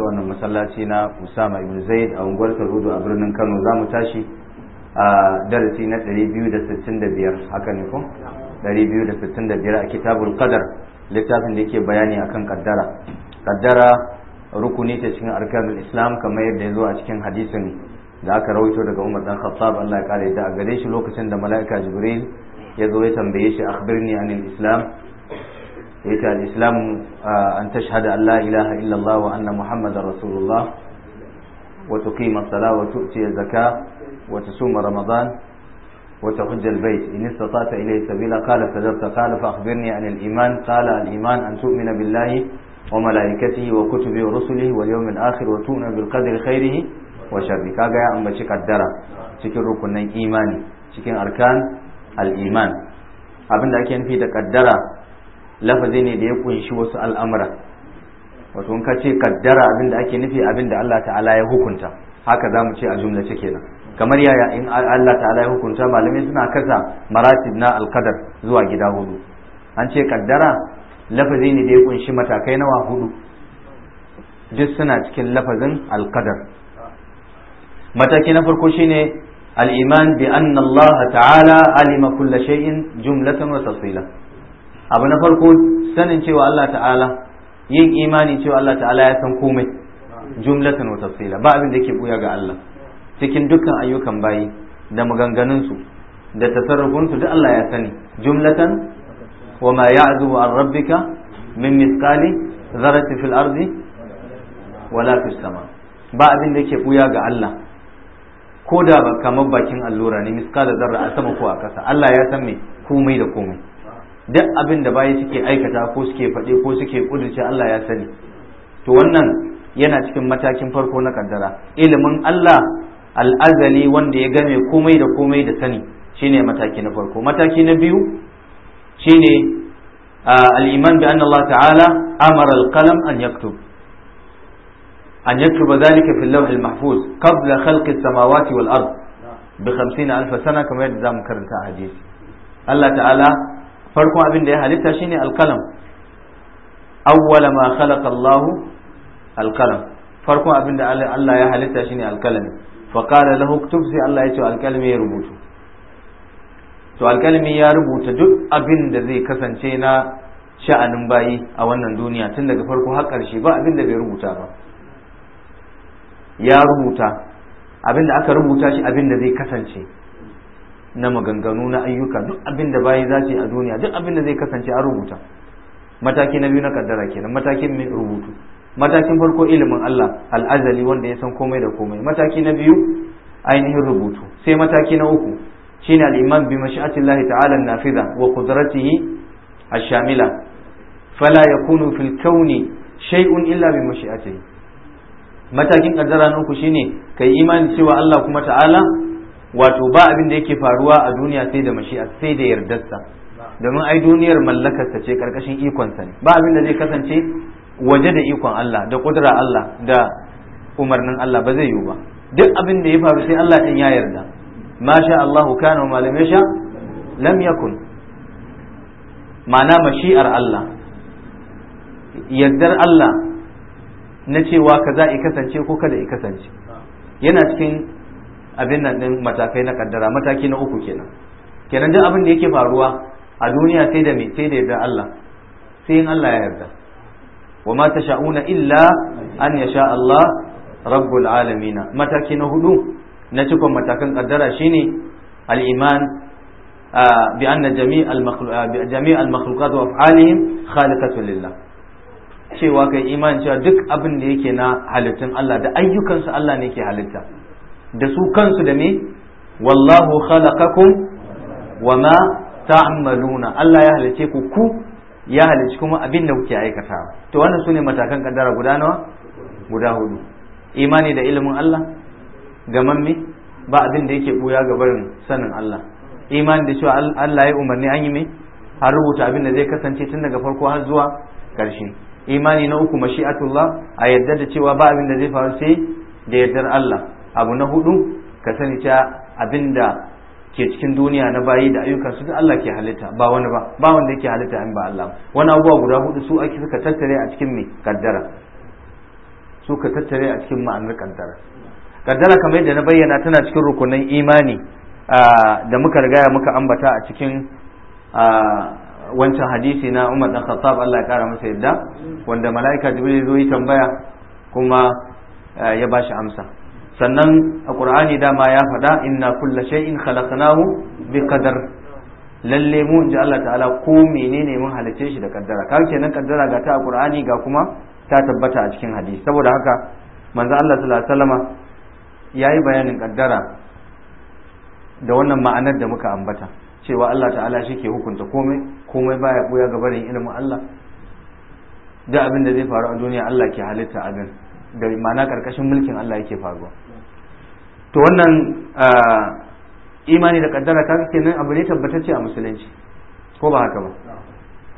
ta wannan masallaci na Usama ibn Zaid a unguwar Karudu a birnin Kano za mu tashi a darasi na 265 haka ne ko 265 a kitabul qadar littafin da yake bayani akan kaddara kaddara rukuni ta cikin arkanul Islam kamar yadda ya zo a cikin hadisin da aka rawaito daga Umar dan Khattab Allah ya kare da a gare shi lokacin da mala'ika Jibril ya zo ya tambaye shi akhbirni anil Islam yace al-islam an tashhada an la ilaha illallah wa anna muhammadar rasulullah wa tuqima as-salah wa tu'ti az-zakah wa ramadan wa tahujja al-bayt in istata'ta ilayhi sabila qala sadarta qala fa akhbirni an al-iman qala al-iman an tu'mina billahi wa malaikatihi wa kutubihi wa rusulihi wal yawmil akhir wa tu'mina bil qadri khairihi wa sharri kaga ya ambaci kaddara cikin rukunin imani cikin arkan al-iman abinda ake nufi da kaddara lafazi ne da ya kunshi wasu al'amura wato in ka ce kaddara abin da ake nufi abin da Allah ta'ala ya hukunta haka za mu ce a jumla ce kenan kamar yaya in Allah ta'ala ya hukunta malamai suna kasa maratib na alkadar zuwa gida hudu an ce kaddara lafazi ne da ya kunshi matakai nawa hudu duk suna cikin lafazin alkadar mataki na farko shine al-iman bi anna Allah ta'ala alima kulla shay'in jumlatan wa tafsila abu na farko sanin cewa Allah ta'ala yin imani cewa Allah ta'ala ya san komai jumlatan wa tafsila ba abin da yake buya ga Allah cikin dukkan ayyukan bayi da maganganun su da tasarrufun su duk Allah ya sani jumlatan wa ma ya'zu an rabbika min misqali dharrati fil ardi wala fis sama ba abin da yake buya ga Allah ko da kamar bakin allura ne misqala zarra a sama ko a kasa Allah ya san me komai da komai duk abin da bayi suke aikata ko suke faɗe ko suke ƙudurce Allah ya sani to wannan yana cikin matakin farko na kaddara ilimin Allah al'azali wanda ya game komai da komai da sani shine mataki na farko mataki na biyu shine al'iman bi anna Allah ta'ala amara al-qalam an yaktub an yaktuba zalika fil lawh al-mahfuz qabla khalq as-samawati wal ard bi 50000 sana kamar yadda zamu karanta hadisi Allah ta'ala farkon abin da ya halitta shine alkalam awwala ma khalaqa Allah alkalam farkon abin da Allah ya halitta shine alkalam fa qala lahu uktub sai Allah ya ce alkalami ya rubutu to alkalami ya rubuta duk abin da zai kasance na sha'anin bayi a wannan duniya tun daga farko har karshe ba abin da bai rubuta ba ya rubuta abin da aka rubuta shi abin da zai kasance na maganganu na ayyuka duk abin da bayi za yi a duniya duk abin da zai kasance a rubuta mataki na biyu na kaddara kenan matakin mai rubutu matakin farko ilimin Allah al'azali wanda ya san komai da komai mataki na biyu ainihin rubutu sai mataki na uku shine al-iman bi mashi'ati Allah ta'ala nafiza wa qudratihi ash-shamila fala yakunu fil kauni shay'un illa bi mashi'atihi matakin kaddara na uku shine kai imani cewa Allah kuma ta'ala wato ba abin da yake faruwa a duniya sai da mashi'a sai da yardarsa domin ai duniyar mallakarsa ce karkashin ikonsa ne ba abin da zai kasance waje da ikon Allah da kudura Allah da umarnin Allah ba zai yiwu ba duk abin da ya faru sai Allah din ya yarda masha Allah Allahu kana wa lam yasha lam yakun ma'ana mashi'ar Allah yardar Allah na cewa kaza i kasance ko kada i kasance yana cikin abin nan din matakai na kaddara mataki na uku kenan kenan duk abin da yake faruwa a duniya sai da me sai da yarda Allah sai in Allah ya yarda wa ma tasha'una illa an yasha Allah rabbul alamin mataki na hudu na cikon matakan kaddara shine al-iman بأن جميع المخلوقات جميع المخلوقات وأفعالهم خالقة لله cewa kai iman cewa duk abin da yake na halittun Allah da ayyukansu Allah ne ke halitta da su kansu da me wallahu khalaqakum wama ta'maluna Allah ya halice ku ku ya halice kuma abin da kuke aikata to wannan sune matakan kaddara guda nawa guda hudu imani da ilimin Allah gamamme ba abin da yake buya ga barin sanin Allah imani da cewa Allah ya umarni an yi me har rubuta abin da zai kasance tun daga farko har zuwa ƙarshe imani na uku mashi'atullah a yadda da cewa ba abin da zai faru sai da yardar Allah abu na hudu ka sani ta abinda ke cikin duniya na bayi da ayyukan su da Allah ke halitta ba wani ba ba wanda yake halitta in ba Allah wani abubuwa guda hudu su ake suka tattare a cikin mai kaddara su ka tattare a cikin ma'anar kaddara kaddara kamar yadda na bayyana tana cikin rukunin imani da muka riga muka ambata a cikin wancan hadisi na Umar dan Khattab Allah ya kara masa yadda wanda mala'ika Jibril zo yi tambaya kuma ya bashi amsa sannan a ƙurani dama ya faɗa inna kulla shay'in khalaqnahu bi qadar lalle mu inji Allah ta'ala ko menene mun halice shi da kaddara kaga kenan kaddara ga ta a ƙur'ani ga kuma ta tabbata a cikin hadisi saboda haka manzo Allah sallallahu alaihi wasallama yayi bayanin kaddara da wannan ma'anar da muka ambata cewa Allah ta'ala shi ke hukunta komai komai baya buya ga barin ilimin Allah da abin da zai faru a duniya Allah ke halitta abin da ma'ana karkashin mulkin Allah yake faruwa to wannan imani da kaddara kaga kenan abu ne tabbatacce a musulunci ko ba haka ba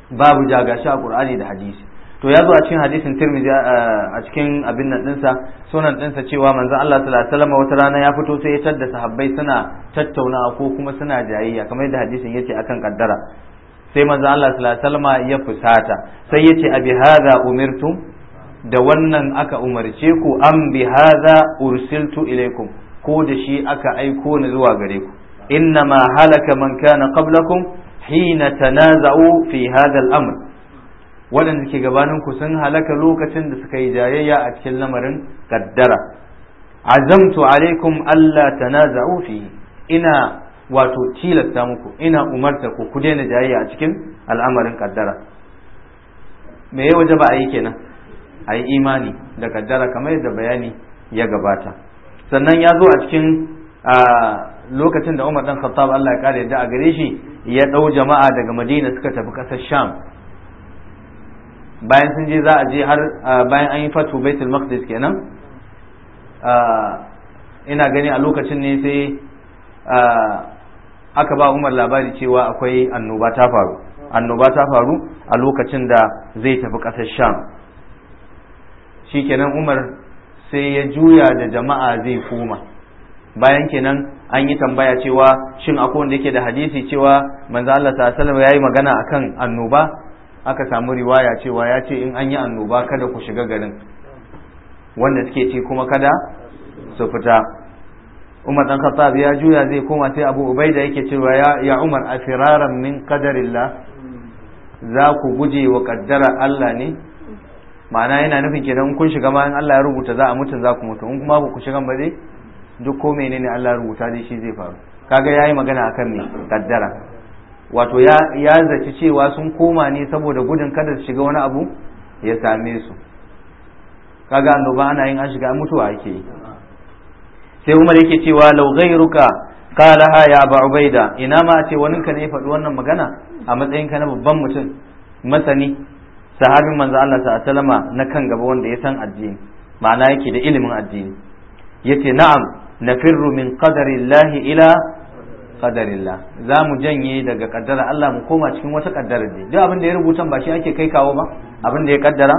babu jagashi a qur'ani da hadisi to ya zo a cikin hadisin tirmizi a cikin abin nan dinsa sunan dinsa cewa manzon Allah sallallahu alaihi wasallam wata rana ya fito sai ya tadda sahabbai suna tattaunawa ko kuma suna jayayya kamar yadda hadisin yace akan kaddara sai manzon Allah sallallahu alaihi wasallam ya fusata sai yace abi hadha umirtum da wannan aka umarce ku an bi hadha ursiltu ilaikum ko da shi aka aiko ni zuwa gare ku ma halaka man kana qablakum hina tanaza'u fi hadha al-amr waɗanda ke gabanin ku sun halaka lokacin da suka yi jayayya a cikin lamarin kaddara azamtu alaikum alla tanaza'u fi ina wato tilasta muku ina umarta ku ku daina jayayya a cikin al'amarin kaddara me ya waje ba a yi kenan Ayi imani da kaddara kamar yadda bayani ya gabata sannan ya zo a cikin lokacin da Umar dan Khattab Allah ya kare yadda a gare shi ya ɗau jama'a daga Madina suka tafi ƙasar Sham bayan sun je za a je har bayan an yi fatu Baitul Maqdis kenan ina gani a lokacin ne sai aka ba Umar labari cewa akwai annoba ta faru annoba ta faru a lokacin da zai tafi kasar Sham shikenan Umar sai ya juya da jama'a zai koma bayan kenan an yi tambaya cewa shin akwai wanda yake da hadisi cewa manzo Allah sallallahu alaihi wasallam yayi magana akan annoba aka samu riwaya cewa ya ce in an yi annoba kada ku shiga garin wanda suke ci kuma kada su fita Umar dan Khattab ya juya zai koma sai Abu Ubaida yake cewa ya ya Umar a min qadarillah za ku guje wa kaddara Allah ne ma'ana yana nufin kenan kun shiga ma in Allah ya rubuta za a mutu za ku mutu in kuma ku shiga ba zai duk ko menene Allah ya rubuta dai shi zai faru kaga yayi magana akan me kaddara wato ya zaci cewa sun koma ne saboda gudun kada su shiga wani abu ya same su kaga annoba ana yin an shiga mutuwa ake yi sai Umar yake cewa law ghayruka qala ha ya Abu Ubaida ina ma ce wani ka ne faɗi wannan magana a matsayin ka na babban mutum masani sahabin manzo Allah sallallahu na kan gaba wanda ya san addini ma'ana yake da ilimin addini yace na'am nafirru min qadarillahi ila qadarillah za mu janye daga kaddara Allah mu koma cikin wata kaddara dai duk abin da ya rubutan ba shi ake kai kawo ba abin da ya kaddara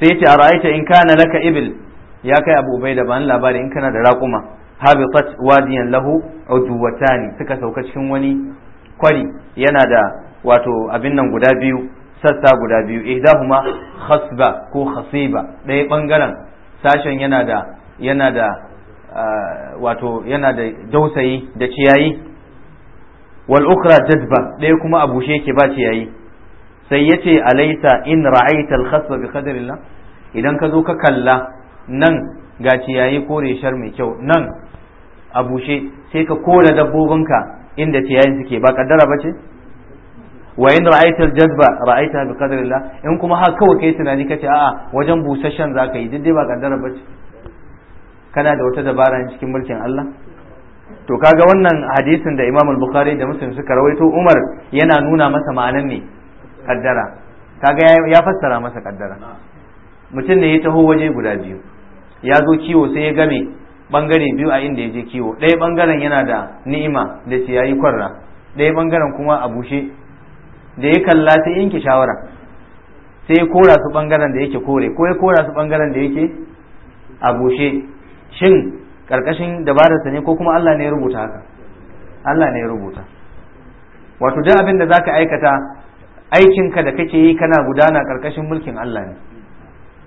sai yace ara'aita in kana laka ibil ya kai Abu Ubaida ban labari in kana da raquma habitat wadiyan lahu uduwatani suka sauka cikin wani kwari yana da wato abin nan guda biyu sassa guda biyu ihdahuma khasba ko khasiba ɗaya bangaren sashen yana da yana da ah, wato yana da dausayi da ciyayi wal ukhra jadba ɗaya kuma a bushe yake ba ciyayi sai yace alaita in ra'aita al khasba bi qadrillah idan ka zo ka kalla nan ga ciyayi ko reshar mai kyau nan a bushe sai ka kora dabbobinka inda ciyayin suke ba kaddara ba ce wa in ra'aital jazba ra'aita bi qadrillah in kuma ha kawai kai tunani kace a'a wajen busasshen zaka yi dai ba kaddara bace kana da wata dabara cikin mulkin Allah to kaga wannan hadisin da Imam al-Bukhari da Muslim suka rawaito Umar yana nuna masa ma'anan ne kaddara kaga ya fassara masa kaddara mutum ne ya taho waje guda biyu ya zo kiwo sai ya game bangare biyu a inda ya je kiwo ɗaya bangaren yana da ni'ima da ciyayi kwarra ɗaya bangaren kuma a bushe da ya kalla sai yanke shawara sai ya kora su bangaren da yake kore ko ya kora su bangaren da yake a bushe shin karkashin dabararsa ne ko kuma Allah ne ya rubuta haka Allah ne ya rubuta wato duk abin da zaka aikata aikinka da kake yi kana gudana karkashin mulkin Allah ne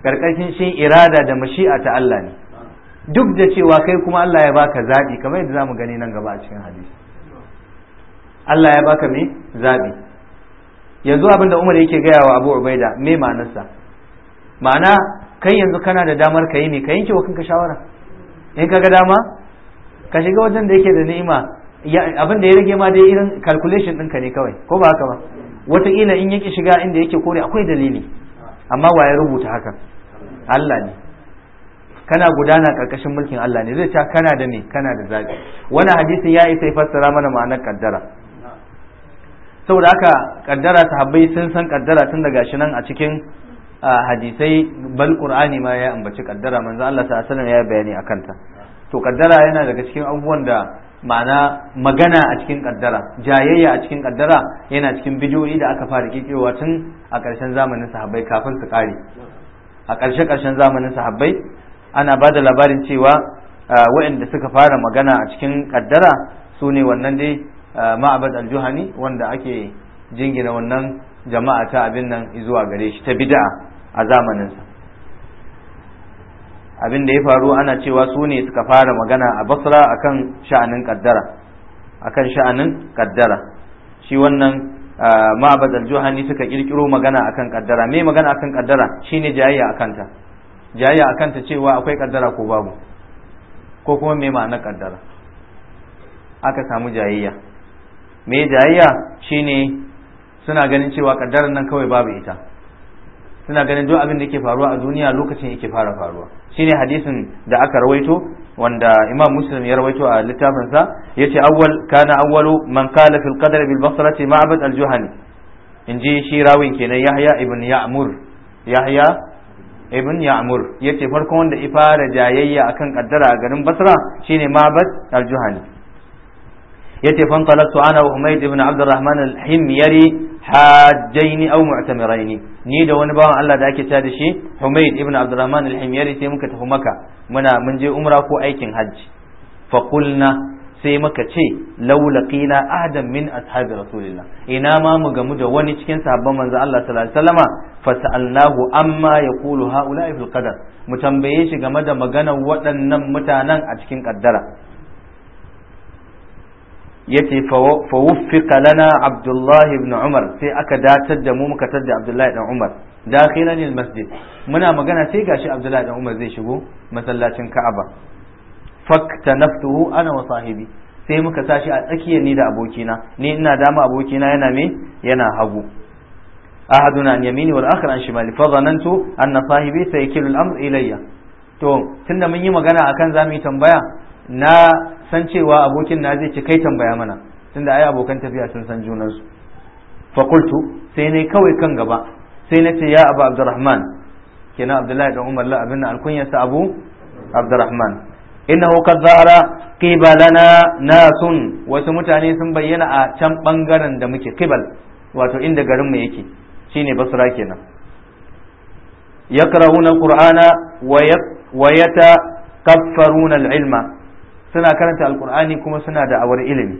karkashin shin irada da mashi'a ta Allah ne duk da cewa kai kuma Allah ya baka zabi kamar yadda zamu gani nan gaba a cikin hadisi Allah ya baka me zabi yanzu abin da umar yake gaya wa abu ubaida me ma'anarsa ma'ana kai yanzu kana da damar ka yi ne ka yanke wa kanka shawara in ka ga dama ka shiga wajen da yake da ni'ima abin da ya rage ma dai irin calculation ɗinka ne kawai ko ba haka ba wataƙila in yake shiga inda yake kore akwai dalili amma wa ya rubuta haka Allah ne kana gudana ƙarƙashin mulkin Allah ne zai ta kana da ne kana da zaɓi wani hadisi ya isa fassara mana ma'anar kaddara saboda haka kaddara sahabbai sun san kaddara tun daga shi nan a cikin hadisai bal qur'ani ma ya ambaci kaddara manzo Allah sallallahu alaihi ya bayani akan ta to kaddara yana daga cikin abubuwan da ma'ana magana a cikin kaddara jayayya a cikin kaddara yana cikin bidiyoyi da aka fara kikewa tun a ƙarshen zamanin sahabbai kafin su kare, a ƙarshe ƙarshen zamanin sahabbai ana ba da labarin cewa waɗanda suka fara magana a cikin kaddara su ne wannan dai ma'abad al-juhani wanda ake jingina wannan jama'a ta abin nan zuwa gare shi ta bid'a a zamaninsa abin da ya faru ana cewa su ne suka fara magana a basra akan sha'anin kaddara akan sha'anin kaddara shi wannan ma'abad al-juhani suka kirkiro magana akan kaddara me magana akan kaddara shine jayayya akanta jayayya akanta cewa akwai kaddara ko babu ko kuma me ma'anar kaddara aka samu jayayya Mai jayayya shine suna ganin cewa kaddarar nan kawai babu ita suna ganin duk abin da yake faruwa a duniya lokacin yake fara faruwa shine hadisin da aka rawaito wanda imam muslim ya rawaito a littafinsa ya yace awwal kana awwalu man kala fil qadar bil basrati ma'bad al juhani inji shi rawin kenan yahya ibn ya'mur yahya ibn ya'mur yace farkon wanda ya fara jayayya akan kaddara a garin basra shine ma'bad al juhani yace fan ana wa Umayd ibn Abd al-Rahman himyari hajjaini aw mu'tamiraini ni da wani bawan Allah da ake ta da shi Humayd ibn Abd al-Rahman himyari sai muka tafi maka muna mun je umra ko aikin hajji fa qulna sai muka ce laulaqina adam min ashabi rasulillah ina ma mu gamu da wani cikin sahabban manzo Allah sallallahu alaihi wasallama fa sa'alnahu amma yaqulu haula'i fil qadar mu tambaye shi game da maganar waɗannan mutanen a cikin kaddara yace fa wuffiqa lana abdullahi ibn umar sai aka datar da mu muka tadda abdullahi dan umar dakhilan masjid muna magana sai gashi abdullahi dan umar zai shigo masallacin ka'aba faktanaftuhu ana wa sahibi sai muka tashi a tsakiyar ni da abokina ni ina dama abokina yana me yana hagu ahaduna an yamini wal akhar an shimali fa zanantu anna sahibi sayakilu al-amr ilayya to tunda mun yi magana akan zamu yi tambaya na san cewa abokin na zai ci kai tambaya mana tunda ai abokan tafiya sun san junansu fakultu sai ne kawai kan gaba sai na ce ya abu abdurrahman kenan abdullahi dan umar la abin sa abu abdurrahman innahu qad zahara qibalana nasun wasu mutane sun bayyana a can bangaren da muke qibal wato inda garin mu yake shine basra kenan yakrahuna alqur'ana wa yata kaffaruna alilma suna karanta alkur'ani kuma suna da awar ilimi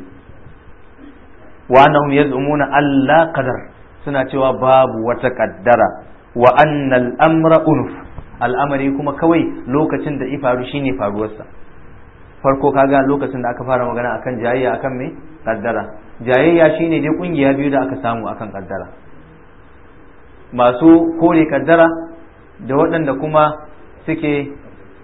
wa annahum yaz'umuna alla qadar suna cewa babu wata kaddara wa annal amra unuf al'amari kuma kawai lokacin da ifaru shine faruwarsa farko kaga lokacin da aka fara magana akan jayayya akan me kaddara jayayya shine dai kungiya biyu da aka samu akan kaddara masu kore kaddara da waɗanda kuma suke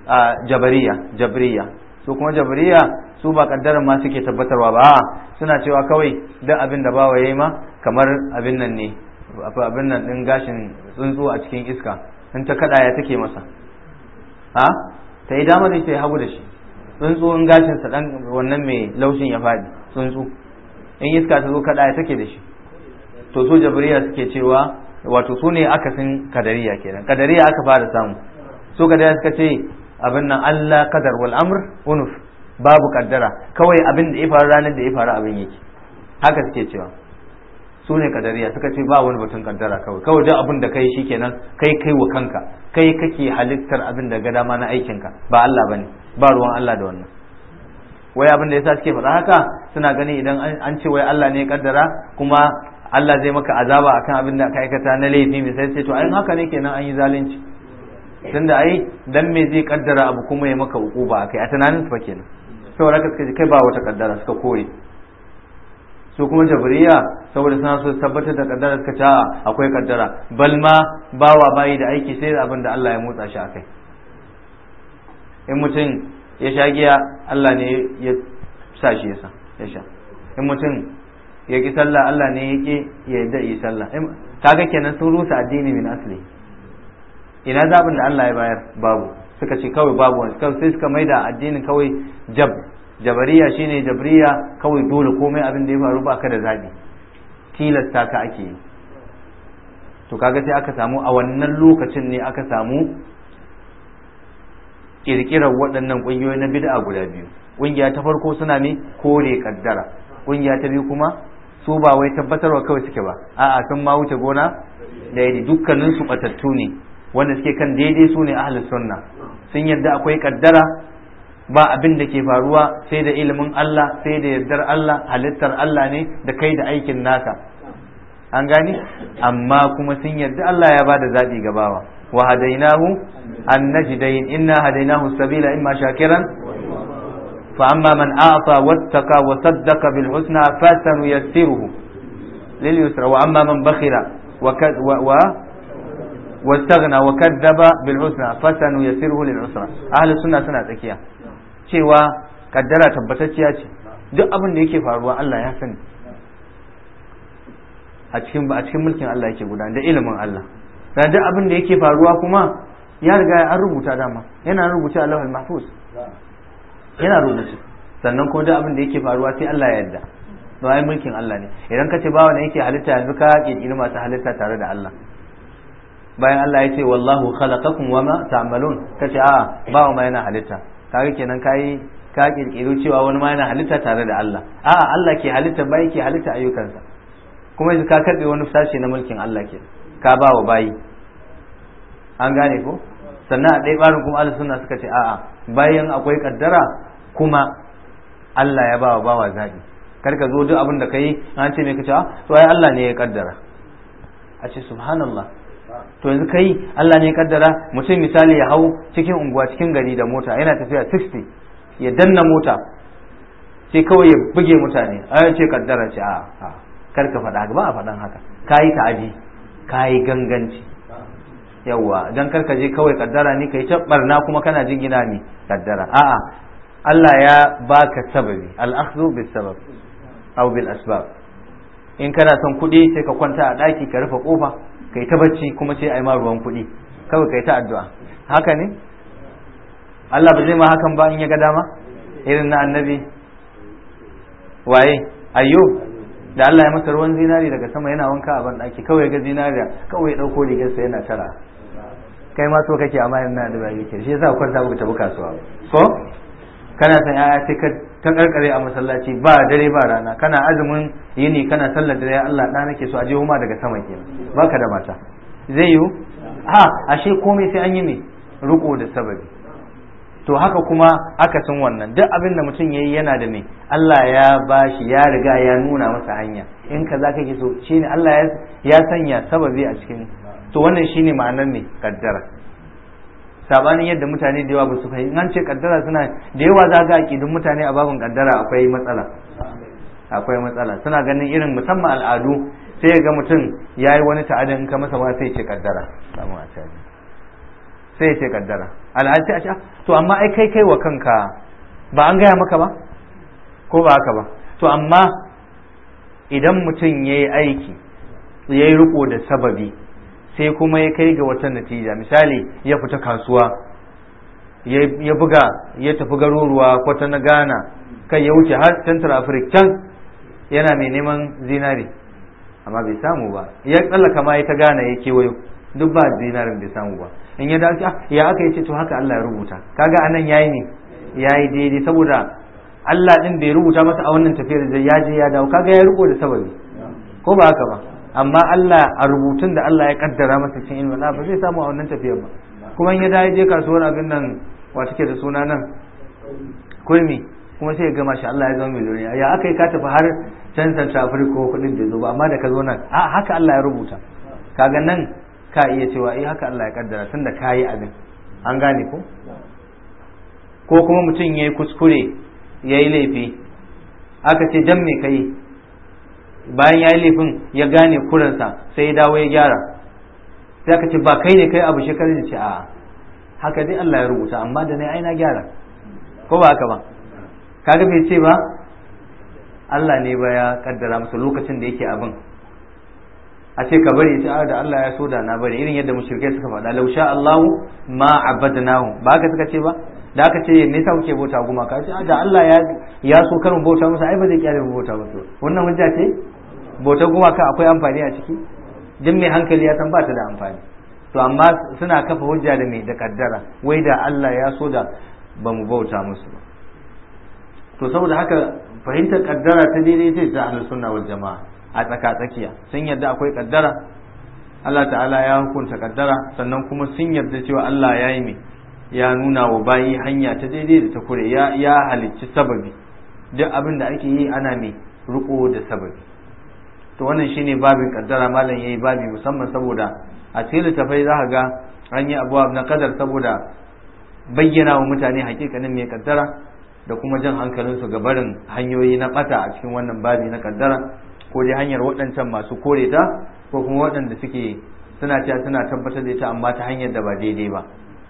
a jabariya jabriya su kuma jabriya su ba kaddarar ma suke tabbatarwa ba suna cewa kawai duk abin da bawa yayi ma kamar abin nan ne abin nan din gashin tsuntsu a cikin iska in ta kada ya take masa ha ta yi dama zai ta hagu da shi tsuntsu in gashin sa dan wannan mai laushin ya fadi tsuntsu in iska ta zo kada ya take da shi to so jabriya suke cewa wato su ne akasin kadariya kenan kadariya aka fara samu so kadariya suka ce abin nan Allah kadar wal amr unuf babu kaddara kawai abin da ya faru ranar da ya faru abin yake haka suke cewa su ne kadariya suka ce ba wani batun kaddara kawai kawai duk abin da kai shikenan kai kai wa kanka kai kake halittar abin da ga dama na aikinka ba Allah bane ba ruwan Allah da wannan wai abin da yasa suke faɗa haka suna gani idan an ce wai Allah ne ya kaddara kuma Allah zai maka azaba akan abin da ka aikata na laifi misali sai to ayin haka ne kenan an yi zalunci tunda ai dan me zai kaddara abu kuma ya maka ukuba akai a tunanin su fa kenan saboda haka suka ji kai ba wata kaddara suka kore su kuma jabriya saboda suna so tabbatar da kaddara suka ta akwai kaddara bal ma bawa bayi da aiki sai abin da Allah ya motsa shi akai in mutum ya sha giya Allah ne ya sa shi sa ya sha in mutum ya ki sallah Allah ne ya ki ya yi sallah kaga kenan sun rusa addini min asli ina zaɓin da Allah ya bayar babu suka ce kawai babu wani sai suka maida addinin kawai jab jabariya shine jabriya kawai dole komai abin da ya faru ba ka da zaɓi tilasta ka ake yi to kaga sai aka samu a wannan lokacin ne aka samu ƙirƙirar waɗannan ƙungiyoyi na bid'a guda biyu ƙungiya ta farko suna ne kore kaddara ƙungiya ta biyu kuma su ba wai tabbatarwa kawai suke ba a'a sun ma wuce gona da yadi dukkanin su batattu ne wanda suke kan daidai su ne ahlus sunna sun yadda akwai kaddara ba abin da ke faruwa sai da ilimin Allah sai da yardar Allah halittar Allah ne da kai da aikin naka an gani amma kuma sun yarda Allah ya bada zabi gabawa wa hadainahu an najdain inna hadainahu sabila imma shakiran fa amma man a'ta wattaqa wa saddaqa bil husna fatanu yassiruhu lil yusra wa amma man bakhira wa واستغنى وكذب بالحسنى فسنيسره للعسرى اهل السنه suna tsakiya cewa kaddara tabbatacciya ce duk abin da yake faruwa Allah ya sani a cikin a cikin mulkin Allah yake gudana da ilimin Allah da duk abin da yake faruwa kuma ya riga an rubuta dama yana rubuta a lawal mahfuz yana rubuta sannan ko duk abin da yake faruwa sai Allah ya yarda to ai mulkin Allah ne idan ka ce bawa ne yake halitta yanzu ka kike masu halitta tare da Allah bayan Allah ya ce wallahu khalaqakum wama ta'malun kace a ah, ba wa yana halitta kage kenan kai ka kirkiro cewa wani ma yana halitta tare da Allah a Allah ke halitta bai ke halitta ayyukansa kuma yanzu ka karbe wani sashi na mulkin Allah ke ka ba wa bayi an gane ko sannan a ɗaya barin kuma Allah sunna suka ce a'a bayan akwai kaddara kuma Allah ya ba wa bawa zabi kar ka zo duk abin da kai an ce me kace ah, to ai Allah ne ya kaddara a ce subhanallah to yanzu kai Allah ne kaddara mutum misali ya hau cikin unguwa cikin gari da mota yana tafiya 60 ya danna mota sai kawai ya buge mutane a ce kaddara ce a ah, ah, kar ka faɗa ba a faɗan haka kayi aji kayi ganganci yawwa dan kar ka je kawai kaddara ne kai ta barna kuma kana gina ne kaddara a'a Allah ya baka sababi al-akhdhu sabab aw bil asbab in kana son kuɗi sai ka kwanta a ɗaki ka rufe kofa kai ta bacci kuma sai ai ma ruwan kuɗi kawai kai ta addu'a haka ne Allah ba zai ma hakan ba in ya ga dama irin na annabi waye ayyo da Allah ya masa ruwan zinari daga sama yana wanka a ban ɗaki kawai ga zinariya kawai ya ɗauko sa yana tara kai ma so kake amma yana da bayi ke shi yasa kwanta muku tafi kasuwa ko kana san yaya sai ka ta karkare a masallaci ba dare ba rana kana azumin yini kana sallar dare Allah da nake so a je huma daga sama kenan baka da mata zai yi ha ashe komai sai an yi ne riko da sababi to haka kuma aka akasin wannan duk abin da mutum yayi yana da ne Allah ya bashi ya riga ya nuna masa hanya in ka za kake so shine Allah ya sanya sababi a cikin to wannan shine ma'anar ne kaddara sabanin yadda mutane da yawa ba su fahimci an ce kaddara suna da yawa za ga akidun mutane a babin kaddara akwai matsala akwai matsala suna ganin irin musamman al'adu sai ga mutum ya yi wani ta'adin in ka masa ba sai ce kaddara samu a sai ya ce kaddara al'adu sai a ce ah, to amma ai kai kai wa kanka ba an gaya maka ba ko ba haka ba to amma idan mutum ya yi aiki ya yi riko da sababi sai kuma ya kai ga wata natija misali ya fita kasuwa ya buga ya tafi garuruwa kwata na ghana kai ya wuce har central africa can yana mai neman zinari amma bai samu ba ya tsallaka ma ya ta gana ya kewayo duk ba zinarin bai samu ba in ya dace ah, ya aka yace to haka Allah ya rubuta kaga anan yayi ne yayi daidai saboda Allah din bai rubuta masa a wannan tafiyar da ya je ya dawo kaga ya riko da sababi ko ba haka ba amma Allah a rubutun da Allah ya kaddara masa cin ilmi ba zai samu a wannan tafiyar ba kuma in ya dawo je kasuwar abin nan wa take da suna nan kurmi kuma sai ya gama shi Allah ya zama miliyoni ya aka yi ka tafi har can san tafiri ko kudin da ba amma da ka zo nan a haka Allah ya rubuta kaga nan ka iya cewa eh haka Allah ya kaddara tunda ka yi abin an gane ko ko kuma mutum ya yi kuskure yayi laifi aka ce dan me kai bayan ya yi laifin ya gane kuransa sai ya dawo ya gyara sai aka ce ba kai ne kai abu shekaru da ce a haka dai Allah ya rubuta amma da na aina gyara ko ba haka ba kaga bai ce ba Allah ne ba ya kaddara masa lokacin da yake abin a ce ka bari ita da Allah ya so da na bari irin yadda mushrikai suka faɗa law sha Allahu ma abadnahu ba haka suka ce ba da aka ce me yasa kuke bauta gumaka ce da Allah ya ya so karin bauta masa ai ba zai kyale bauta musu wannan hujja ce bautar gumaka akwai amfani a ciki duk mai hankali ya san ba ta da amfani to amma suna kafa hujja da mai da kaddara wai da Allah ya so da ba mu bauta musu ba to saboda haka fahimtar kaddara ta daidai ce ta ahlus sunna wal jamaa a tsaka tsakiya sun yarda akwai kaddara Allah ta'ala ya hukunta kaddara sannan kuma sun yarda cewa Allah ya yi mai ya nuna wa bayi hanya ta daidai da ta kure ya halicci sababi duk abin da ake yi ana mai riko da sababi to wannan shine babin kaddara malam yayi babi musamman saboda a cikin tafai za ka ga an yi abuwa na kadar saboda bayyana wa mutane hakikanin mai kaddara da kuma jan hankalinsu ga barin hanyoyi na bata a cikin wannan babi na kaddara ko dai hanyar waɗancan masu kore ta ko kuma waɗanda suke suna cewa suna tabbatar da ita amma ta hanyar da ba daidai ba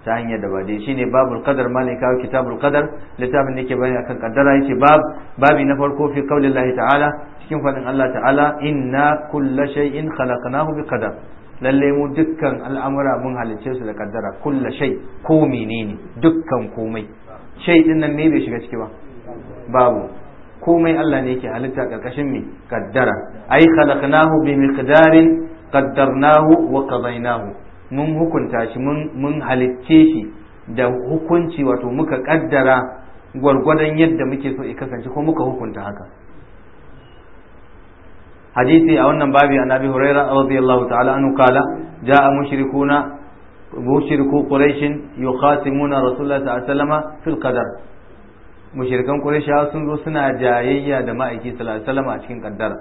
ta hanyar da ba dai shine babul qadar malai kawo kitabul qadar littafin yake bayani akan kaddara yace bab babi na farko fi qaulillahi ta'ala cikin fadin Allah ta'ala inna kulla shay'in khalaqnahu bi qadar lalle mu dukkan al'amura mun halicce su da kaddara kulla shay ko menene dukkan komai shay din nan ne bai shiga ciki ba babu komai Allah ne yake halitta karkashin me kaddara ai khalaqnahu bi miqdarin qaddarnahu wa qadainahu mun hukunta shi mun halicce shi da hukunci wato muka kaddara gwargwadon yadda muke so ya kasance ko muka hukunta haka hadisi a wannan babi a nabi huraira radiyallahu ta'ala anhu kala ja'a mushrikuna mushriku quraish yukhatimuna rasulullah sallallahu alaihi wasallam fil qadar mushrikan quraish sun zo suna jayayya da ma'aiki sallallahu a cikin kaddara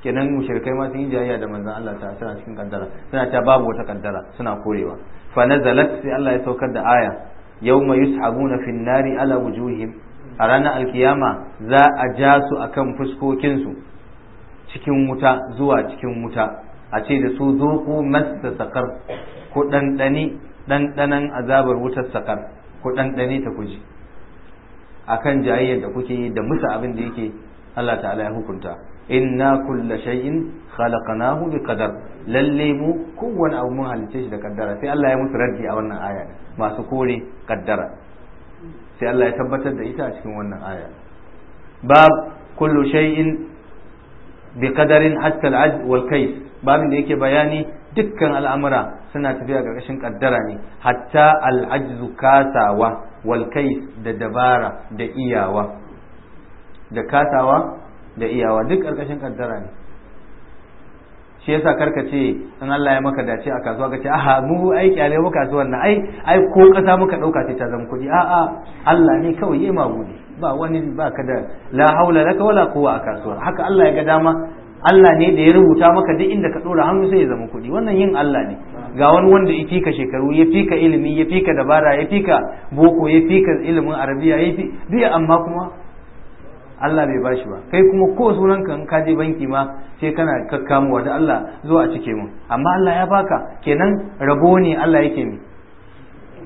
kenan mushrikai ma sun yi jayayya da manzon Allah ta cikin kaddara suna ta babu wata kaddara suna korewa fa nazalat sai Allah ya saukar da aya yawma yus'abuna fin nari ala wujuhim a ranar alkiyama za a ja su akan fuskokin su cikin wuta zuwa cikin wuta a ce da su zoku masta sakar ku ɗanɗani ɗanɗanan azabar wutar sakar ku ɗanɗani ta kuji akan jayayyar da kuke yi da musa abin da yake Allah ta'ala ya hukunta inna kulla shay'in khalaqnahu biqadar lalle mu kowanne abu mun halice shi da kaddara sai Allah ya musu raddi a wannan aya masu kore kaddara sai Allah ya tabbatar da ita a cikin wannan aya bab kullu shay'in biqadarin hatta al wal kayf babin da yake bayani dukkan al'amura suna tafiya ƙarƙashin kaddara ne hatta al kasawa wal kayf da dabara da iyawa da kasawa da iyawa duk ƙarƙashin kaddara ne shi yasa karka ce in Allah ya maka dace a kasuwa kace ce aha mu ai kyale mu kasuwan na ai ai ko kasa muka dauka ta zama kuɗi a a Allah ne kawai yayi magudi ba wani ba ka da la haula laka wala quwwa a kasuwa haka Allah ya ga dama Allah ne da ya rubuta maka duk inda ka dora hannu sai ya zama kuɗi wannan yin Allah ne ga wani wanda ya fika shekaru ya fika ilimi ya fika dabara ya fika boko ya fika ilimin arabiya ya fi duk amma kuma Allah bai bashi ba kai kuma ko sunan ka ka je banki ma sai kana kakkamuwa da Allah zo a cike mu amma Allah ya baka kenan rabo ne Allah yake mi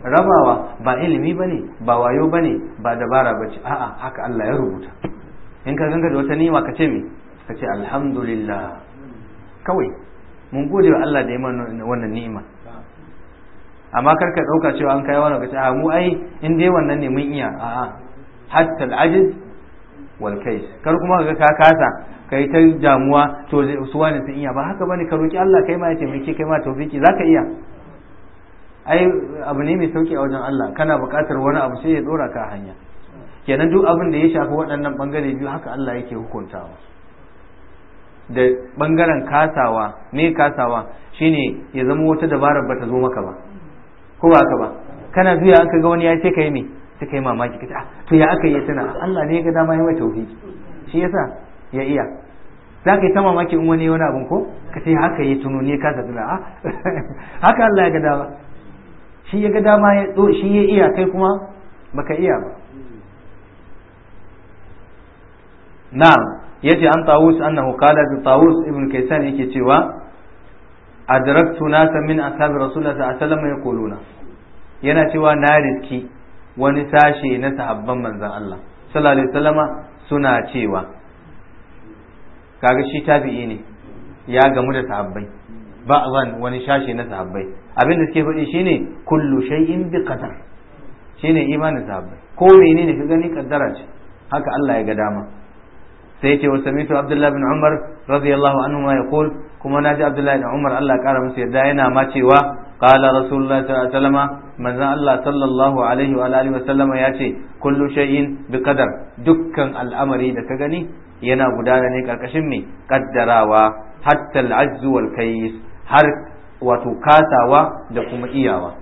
rabawa ba ilimi bane ba wayo bane ba dabara bace a'a haka Allah ya rubuta in ka ganga da wata ni'ima ka ce mi ka ce alhamdulillah kawai mun gode wa Allah da ya mana wannan ni'ima amma kar ka dauka cewa an kai wani ka ce a mu ai in dai wannan ne mun iya a'a hatta al'ajiz wal kar kuma ga ka kasa kai ta jamuwa to su wani sun iya ba haka bane ka roki Allah kai ma ya taimake kai ma tawfiki zaka iya ai abu ne mai sauki a wajen Allah kana buƙatar wani abu sai ya dora ka hanya kenan duk abin da ya shafi waɗannan bangare biyu haka Allah yake hukuntawa da bangaren kasawa ne kasawa shine ya zama wata ba bata zo maka ba ko ba ka ba kana zuya an ka ga wani ya ce kai me ta kai mamaki kace ah to ya aka yi tana Allah ne ya ga dama ya mai tauhidi shi yasa ya iya za ka yi ta mamaki in wani wani abin ko ka ce haka ya tuno ne ka zaɓi a haka Allah ya ga dama shi ya ga dama ya tso shi ya iya kai kuma baka iya ba na'am yace an tawus annahu qala bi tawus ibn kaysan yake cewa adraktu nasa min ashabi rasulullahi sallallahu alaihi wasallam yaquluna yana cewa na riski wani sashe na sahabban manzan Allah sallallahu alaihi suna cewa kaga shi tabi'i ne ya gamu da sahabbai zan wani sashe na sahabbai abin da suke faɗi shine kullu shay'in bi qadar shine imanin sahabbai ko menene ka gani kaddara ce haka Allah ya ga dama sai ce wa samitu abdullahi bin umar radiyallahu anhu ma yaqul kuma naji abdullahi bin umar Allah ya kara masa yarda yana ma cewa qala rasulullahi sallallahu alaihi Allah sallallahu alaihi wa alihi wasallam ya ce kullum shay'in bi qadar dukkan al'amari da ka gani yana gudana ne karkashin me ƙaddarawa hatta al'azzu wal kayis har wato da kuma iyawa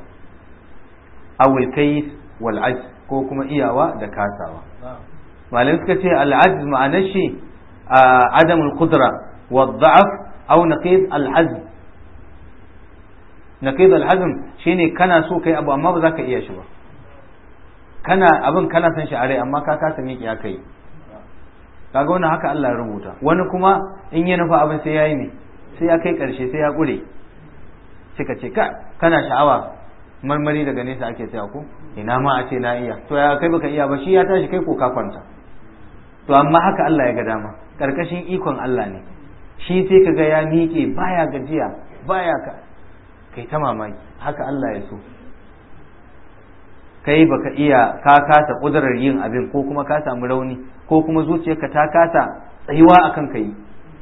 awil kayis wal ko kuma iyawa da kasawa malamai suka ce al'ajz ma'anar shi adamul wa na kai al-hazm shine kana so kai abu amma ba za ka iya shi ba kana abin kana san shi a rai amma ka kasa miƙi ya kai kaga wannan haka Allah ya rubuta wani kuma in ya nufa abin sai yayi ne sai ya kai karshe sai ya kure kika ce ka kana sha'awa marmari daga nesa ake tsaya ko ina ma a ce na iya to ya kai baka iya ba shi ya tashi kai ko ka kwanta to amma haka Allah ya ga dama karkashin ikon Allah ne shi sai kaga ya miƙe baya gajiya baya ka kai ta mamaki haka Allah ya so kai baka iya ka kasa kudurar yin abin ko kuma ka samu rauni ko kuma zuciyarka ta kasa tsayuwa akan kai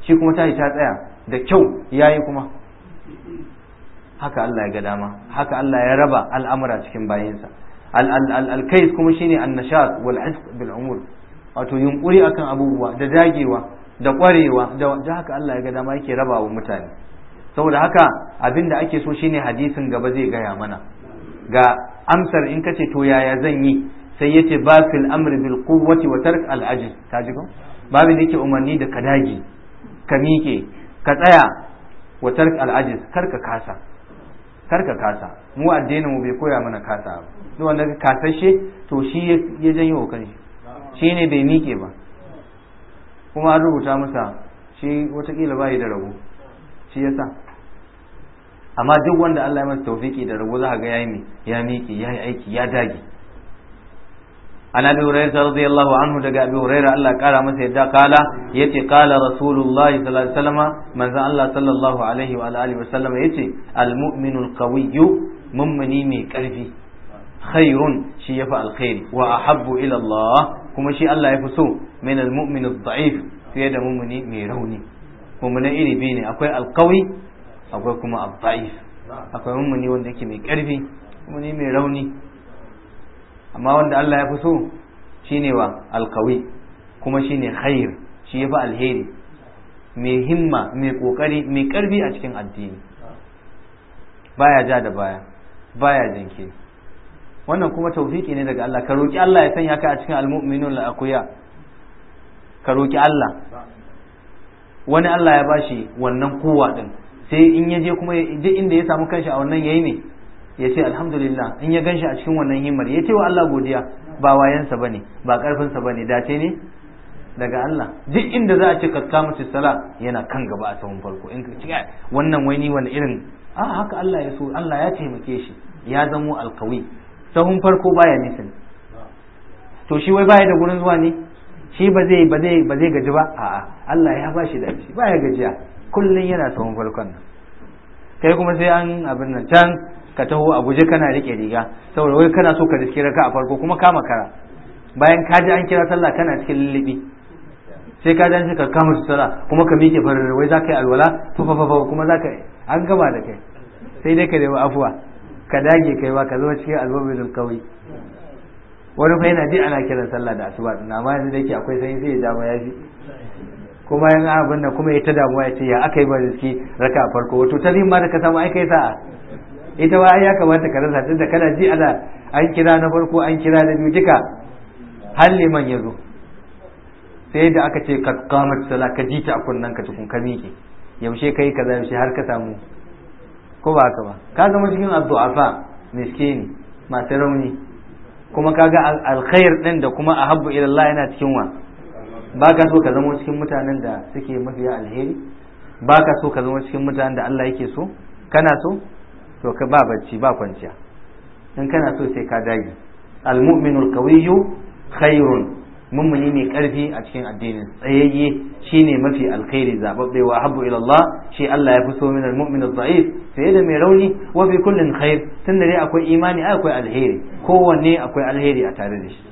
shi kuma ta yi ta tsaya da kyau yayi kuma haka Allah ya ga dama haka Allah ya raba al'amura cikin bayinsa al-kais kuma shine an-nashat wal bil umur wato yunkuri akan abubuwa da dagewa da kwarewa da haka Allah ya ga dama yake rabawa mutane saboda haka abin da ake so shine hadisin gaba zai gaya mana ga amsar in kace to yaya zan yi sai yace fil amri bil quwwati wa tark al ajiz ka ji ko babin da yake umarni da kadaji ka miƙe ka tsaya wa tark al ajiz kar ka kasa karka kasa mu addinin mu bai koya mana kasa ba duk wanda ka kasashe to shi ya janyo shi shine bai miƙe ba kuma an rubuta masa shi watakila bai da rabo shi amma duk wanda Allah ya masa tawfiki da rago za ga yayi ya miki yayi aiki ya dage an abi hurairah radiyallahu anhu daga abi hurairah Allah kara masa yadda kala yace kala rasulullahi sallallahu alaihi Allah sallallahu alaihi wa alihi wasallam yace almu'minul qawiyyu mummuni mai karfi khairun shi yafi alkhairi wa ahabbu ila Allah kuma shi Allah ya fi so min almu'min ad-da'if fiye da mummuni mai rauni mummunan iri biyu ne akwai alkawi akwai kuma abbaif akwai mummuni wanda yake mai karfi mummuni mai rauni amma wanda Allah ya fi so shine wa alkawi kuma shine khair shi ya fi alheri mai himma mai kokari mai karfi a cikin addini baya ja da baya baya jinke wannan kuma taufiki ne daga Allah ka roki Allah ya sanya ka a cikin almu'minun la ka roki Allah wani Allah ya bashi wannan kowa din sai in ya je kuma duk inda ya samu kanshi a wannan yayi ne ya ce alhamdulillah in ya ganshi a cikin wannan himmar ya ce wa Allah godiya ba wayansa bane ba karfinsa bane dace ne daga Allah duk inda za a ce kama ci sala yana kan gaba a tsawon farko in ka cika wannan wani wani irin a haka Allah ya so Allah ya taimake shi ya zamo alkawi sahun farko baya nisan to shi wai baya da gurin zuwa ne shi ba zai ba zai ba zai gaji ba a'a Allah ya ba shi ba ya gajiya kullun yana tsawon farkon nan kai kuma sai an abin nan can ka taho a guje kana rike riga saboda wai kana so ka riske raka a farko kuma kama kara bayan ka ji an kira sallah kana cikin lullubi sai ka dan ka kama su sallah kuma ka miƙe farar wai zaka yi alwala fa fa fa kuma zaka an gaba da kai sai dai ka nemi afuwa ka dage kaiwa ka zama cikin albabilul kawi wani fa yana ji ana kiran sallah da asuba na amma yanzu da ke akwai sanyi sai ya dama ya ji kuma yan abin nan kuma ya ta damuwa ya ce ya aka yi ba riski raka farko wato ta ma da ka samu ai kai sa'a ita ba ya kamata ka rasa tunda kana ji ana an kira na farko an kira na biyu duka har liman ya zo sai da aka ce ka ta sala ka ji ta a kunnen ka tukun ka miƙe yaushe kai kaza yaushe har ka samu ko ba haka ba ka zama cikin addu'afa miskini masu rauni kuma kaga alkhair din da kuma ahabbu ila Allah yana cikin wa ba ka so ka zama cikin mutanen da suke mafiya alheri ba ka so ka zama cikin mutanen da Allah yake so kana so to ka ba bacci ba kwanciya in kana so sai ka dage almu'minul qawiyyu khairun mummuni mai karfi a cikin addinin tsayayye shine mafi alkhairi zababbe wa habbu ila Allah shi Allah ya fi so min almu'min adh-dha'if fiye da mai rauni wa fi kullin khair Tunda dai akwai imani akwai alheri kowanne akwai alheri a tare da shi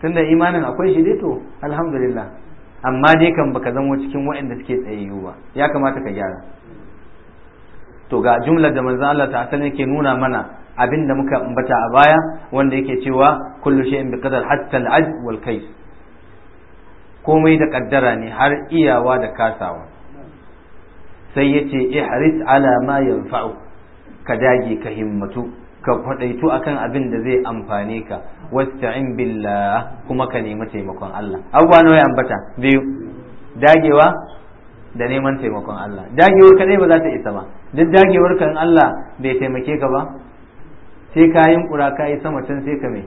tunda imanin akwai shi dai to alhamdulillah amma dai kan baka zama cikin waɗanda suke tsayayyu ba ya kamata ka gyara to ga jumlar da manzo Allah ta asali yake nuna mana abin da muka ambata a baya wanda yake cewa kullu shay'in bi qadar hatta al-ajz wal kayf komai da kaddara ne har iyawa da kasawa sai yace ihris ala ma yanfa'u ka dage ka himmatu ka kwadaitu akan abin da zai amfane ka wasta'in billah kuma ka nemi taimakon Allah abubuwa nawa ambata biyu dagewa da neman taimakon Allah dagewar ka ba za ta isa ba duk dagewar kan Allah bai taimake ka ba sai ka yin kura ka yi sama can sai ka mai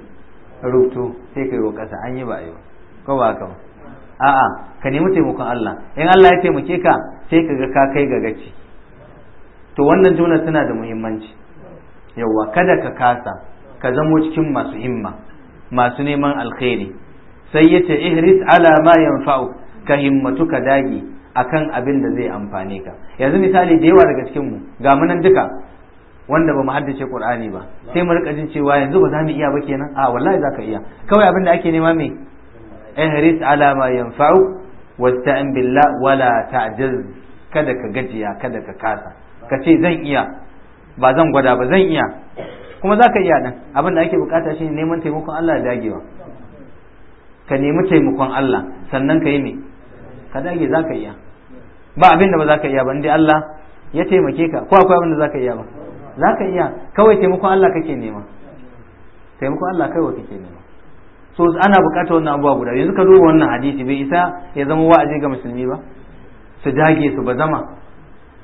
rubutu sai ka yi wa ƙasa an yi ba yi ko ba ka a'a ka nemi taimakon Allah in Allah ya taimake ka sai ka ga ka kai ga gaci to wannan juna tana da muhimmanci yawa kada ka kasa ka zamo cikin masu himma masu neman alkhairi sai ya ce ihris ala ma yanfa'u ka himmatu ka dage akan abin da zai amfane ka yanzu misali da yawa daga cikin mu ga munan duka wanda ba mu haddace qur'ani ba sai mu rika jin cewa yanzu ba za mu iya ba kenan a wallahi zaka iya kawai abin da ake nema me ihris ala ma yanfa'u wasta'in billah wala ta'jaz kada ka gajiya kada ka kasa ka ce zan iya ba zan gwada ba zan iya kuma za ka iya nan abin da ake bukata shine neman taimakon Allah da dagewa ka nemi taimakon Allah sannan ka yi me ka dage za ka iya ba abin da ba za ka iya ba inda Allah ya taimake ka ko akwai abin da za ka iya ba za ka iya kawai taimakon Allah kake nema taimakon Allah kawai kake nema so ana bukata wannan abubuwa guda yanzu ka duba wannan hadisi bai isa ya zama wa'azi ga musulmi ba su dage su ba zama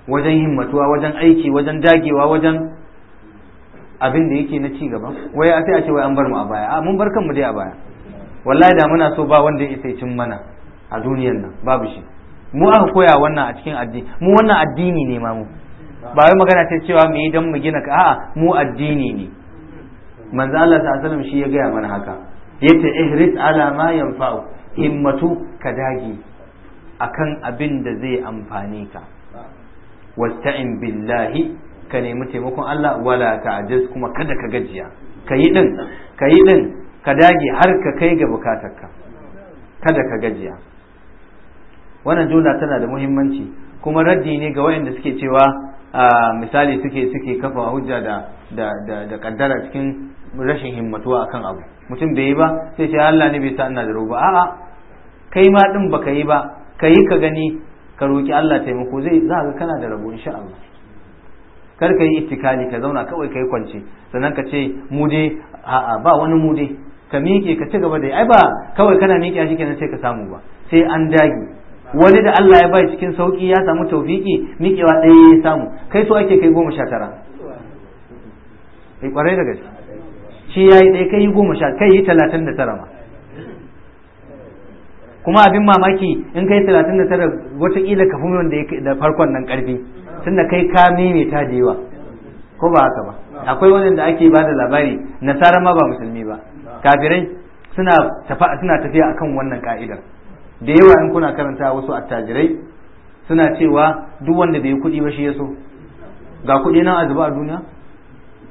wajen himmatuwa wajen aiki wajen dagewa wajen abin da yake na ci gaba wai a sai a ce wai an bar mu a baya a mun bar kanmu dai a baya wallahi da muna so ba wanda ya cin mana a duniyar nan babu shi mu aka koya wannan a cikin addini mu wannan addini ne ma mu ba wai magana ta cewa mu yi don mu gina ka a'a mu addini ne manzo Allah ta sallam shi ya gaya mana haka yace ihris ala ma yanfa'u himmatu ka dage akan abin da zai amfane ka wasta'in billahi ka nemi taimakon Allah wala ta'jiz kuma kada ka gajiya ka yi din ka yi din ka dage har ka kai ga bukatarka kada ka gajiya wannan juna tana da muhimmanci kuma raddi ne ga waɗanda suke cewa misali suke suke kafa hujja da da da kaddara cikin rashin himmatuwa akan abu mutum bai yi ba sai ce Allah ne bai sa ina da roba a'a kai ma din baka yi ba ka ka gani ka roƙi Allah taimako zai za ka kana da rabo insha Allah kar ka yi ittikali ka zauna kawai kai kwance sannan ka ce mu dai a'a ba wani mu dai ka miƙe ka ci gaba da ai ba kawai kana miƙe a cikin sai ka samu ba sai an dage wani da Allah ya bai cikin sauki ya samu taufiki miƙewa ɗaya ya samu kai so ake kai goma sha tara kai eh, kwarai da gaske shi ya yi ɗaya kai yi goma sha kai yi talatin da tara ma kuma abin mamaki in kai 39 watakila ka fi wanda da farkon nan karfi tunda kai ka maimaita da yawa ko ba haka ba akwai wanda ake ba da labari nasara ma ba musulmi ba kafirai suna tafiya akan wannan ka'idar da yawa in kuna karanta wasu attajirai suna cewa duk wanda bai kuɗi ba shi ya so ga kuɗi nan a a duniya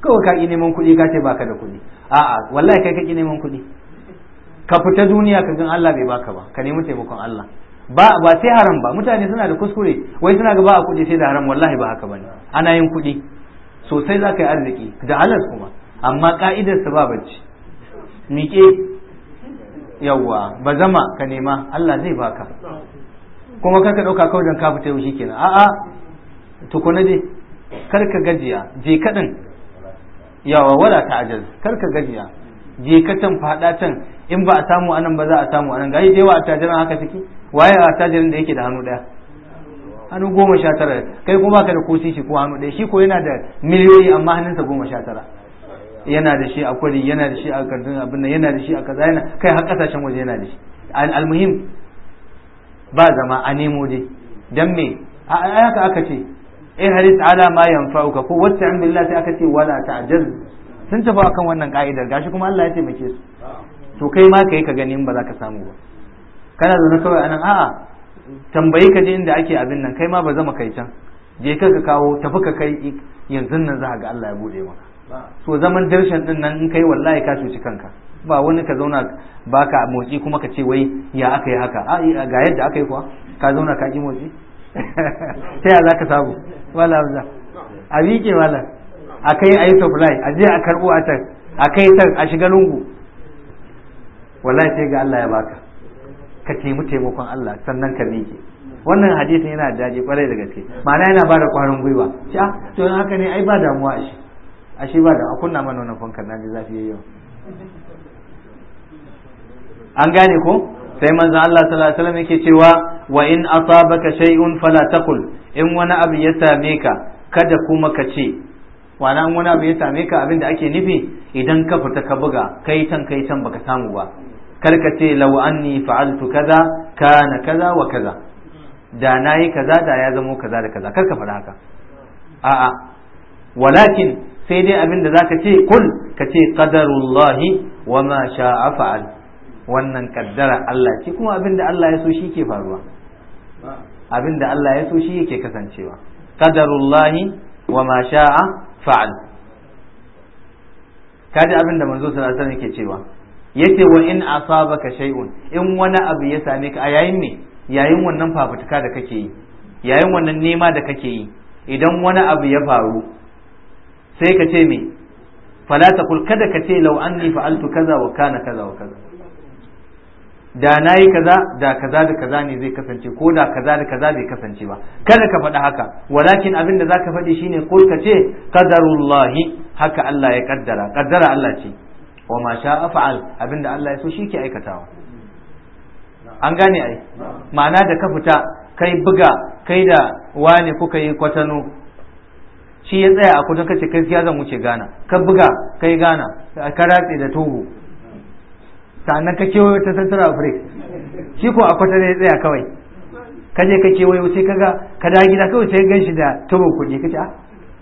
kawai ka ƙi neman kuɗi ka ce baka da kuɗi a'a wallahi kai ka ƙi neman kuɗi ka fita duniya ka gan Allah bai baka ba ka nemi taimakon Allah ba ba sai haram ba mutane suna da kuskure wai suna ga ba a kuɗi sai da haram wallahi ba haka bane ana yin kuɗi sosai za ka yi arziki da halas kuma amma ka'idar sa ba bacci miƙe yawwa ba zama ka nema Allah zai baka kuma kar ka ɗauka kawai ka fita yau shikenan a'a tukuna dai kar ka gajiya je kaɗan yawa wala ta'ajaz kar ka gajiya je ka can faɗa can in ba a samu anan ba za a samu anan gashi da yawa attajiran haka suke waye attajirin da yake da hannu daya hannu goma sha tara kai kuma ka da kosi shi ko hannu daya shi ko yana da miliyoyi amma hannunsa goma sha tara yana da shi a kwari yana da shi a kardun abin nan yana da shi a kaza yana kai har kasashen waje yana da shi almuhim ba zama a nemo dai dan me a haka aka ce in haris ala ma yanfa'uka ko wasta'in billahi sai aka ce wala ta'jaz sun tafi akan wannan ka'idar gashi kuma Allah ya taimake su to kai ma kai ka ganin ba za ka samu ba kana zaune kawai anan a'a tambayi ka je inda ake abin nan kai ma ba zama kai can je ka ka kawo tafi ka kai yanzu nan za ga Allah ya bude maka so zaman darshan din nan in kai wallahi ka cuci kanka ba wani ka zauna baka motsi kuma ka ce wai ya aka yi haka a ga yadda aka yi kuwa ka zauna ka ki motsi ta ya za ka samu wala wala a miƙe wala a kai a yi supply a je a karɓo a can a kai can a shiga lungu wallahi sai ga Allah ya baka ka taimu taimakon Allah sannan ka miƙe wannan hadisin yana daji kwarai da gaske ma'ana yana ba da kwarin gwiwa shi ah to in haka ne ai ba damuwa a shi a shi ba da a kunna mana wannan fankan na ji zafi yau an gane ko sai manzon Allah sallallahu alaihi wasallam yake cewa wa in asabaka shay'un fala taqul in wani abu ya same ka kada kuma ka ce wana wani abu ya same ka abin da ake nufi idan ka fita ka buga kai tan kai tan baka samu ba karka ce law anni fa'altu kaza kana kaza wa kaza da na yi kaza da ya zamo kaza da kaza karka faɗa haka a'a walakin sai dai abin da zaka ce kul ka ce qadarullahi wa ma sha'a fa'al wannan kaddara Allah ce kuma abin da Allah ya so shi ke faruwa abin da Allah ya so shi yake kasancewa qadarullahi wa ma sha'a fa'al kaji abin da manzo sallallahu alaihi wasallam yake cewa yace wa in asabaka shay'un in wani abu ya same ka a yayin ne yayin wannan fafutuka da kake yi yayin wannan nema da kake yi idan wani abu ya faru sai ka ce me fala kul kada ka ce law anni fa'altu kaza wa kana kaza wa kaza da nayi kaza da kaza da kaza ne zai kasance ko da kaza da kaza bai kasance ba kada ka faɗi haka walakin abin da zaka faɗi shine kul ka ce qadarullahi haka Allah ya kaddara kaddara Allah ce wa ma sha af'al abinda Allah ya so shi ke aikatawa an gane ai ma'ana da ka fita kai buga kai da wani kuka yi kwatano shi ya tsaya a kudin kace ya zan wuce gana, ka buga kai gana ka ratse da Togo sannan ka kewayo ta Central Africa shi ko a kwatano ya tsaya kawai ka je ka kewayo sai kaga ka da gida kawai sai ganshi da Togo kuɗi kace a ah,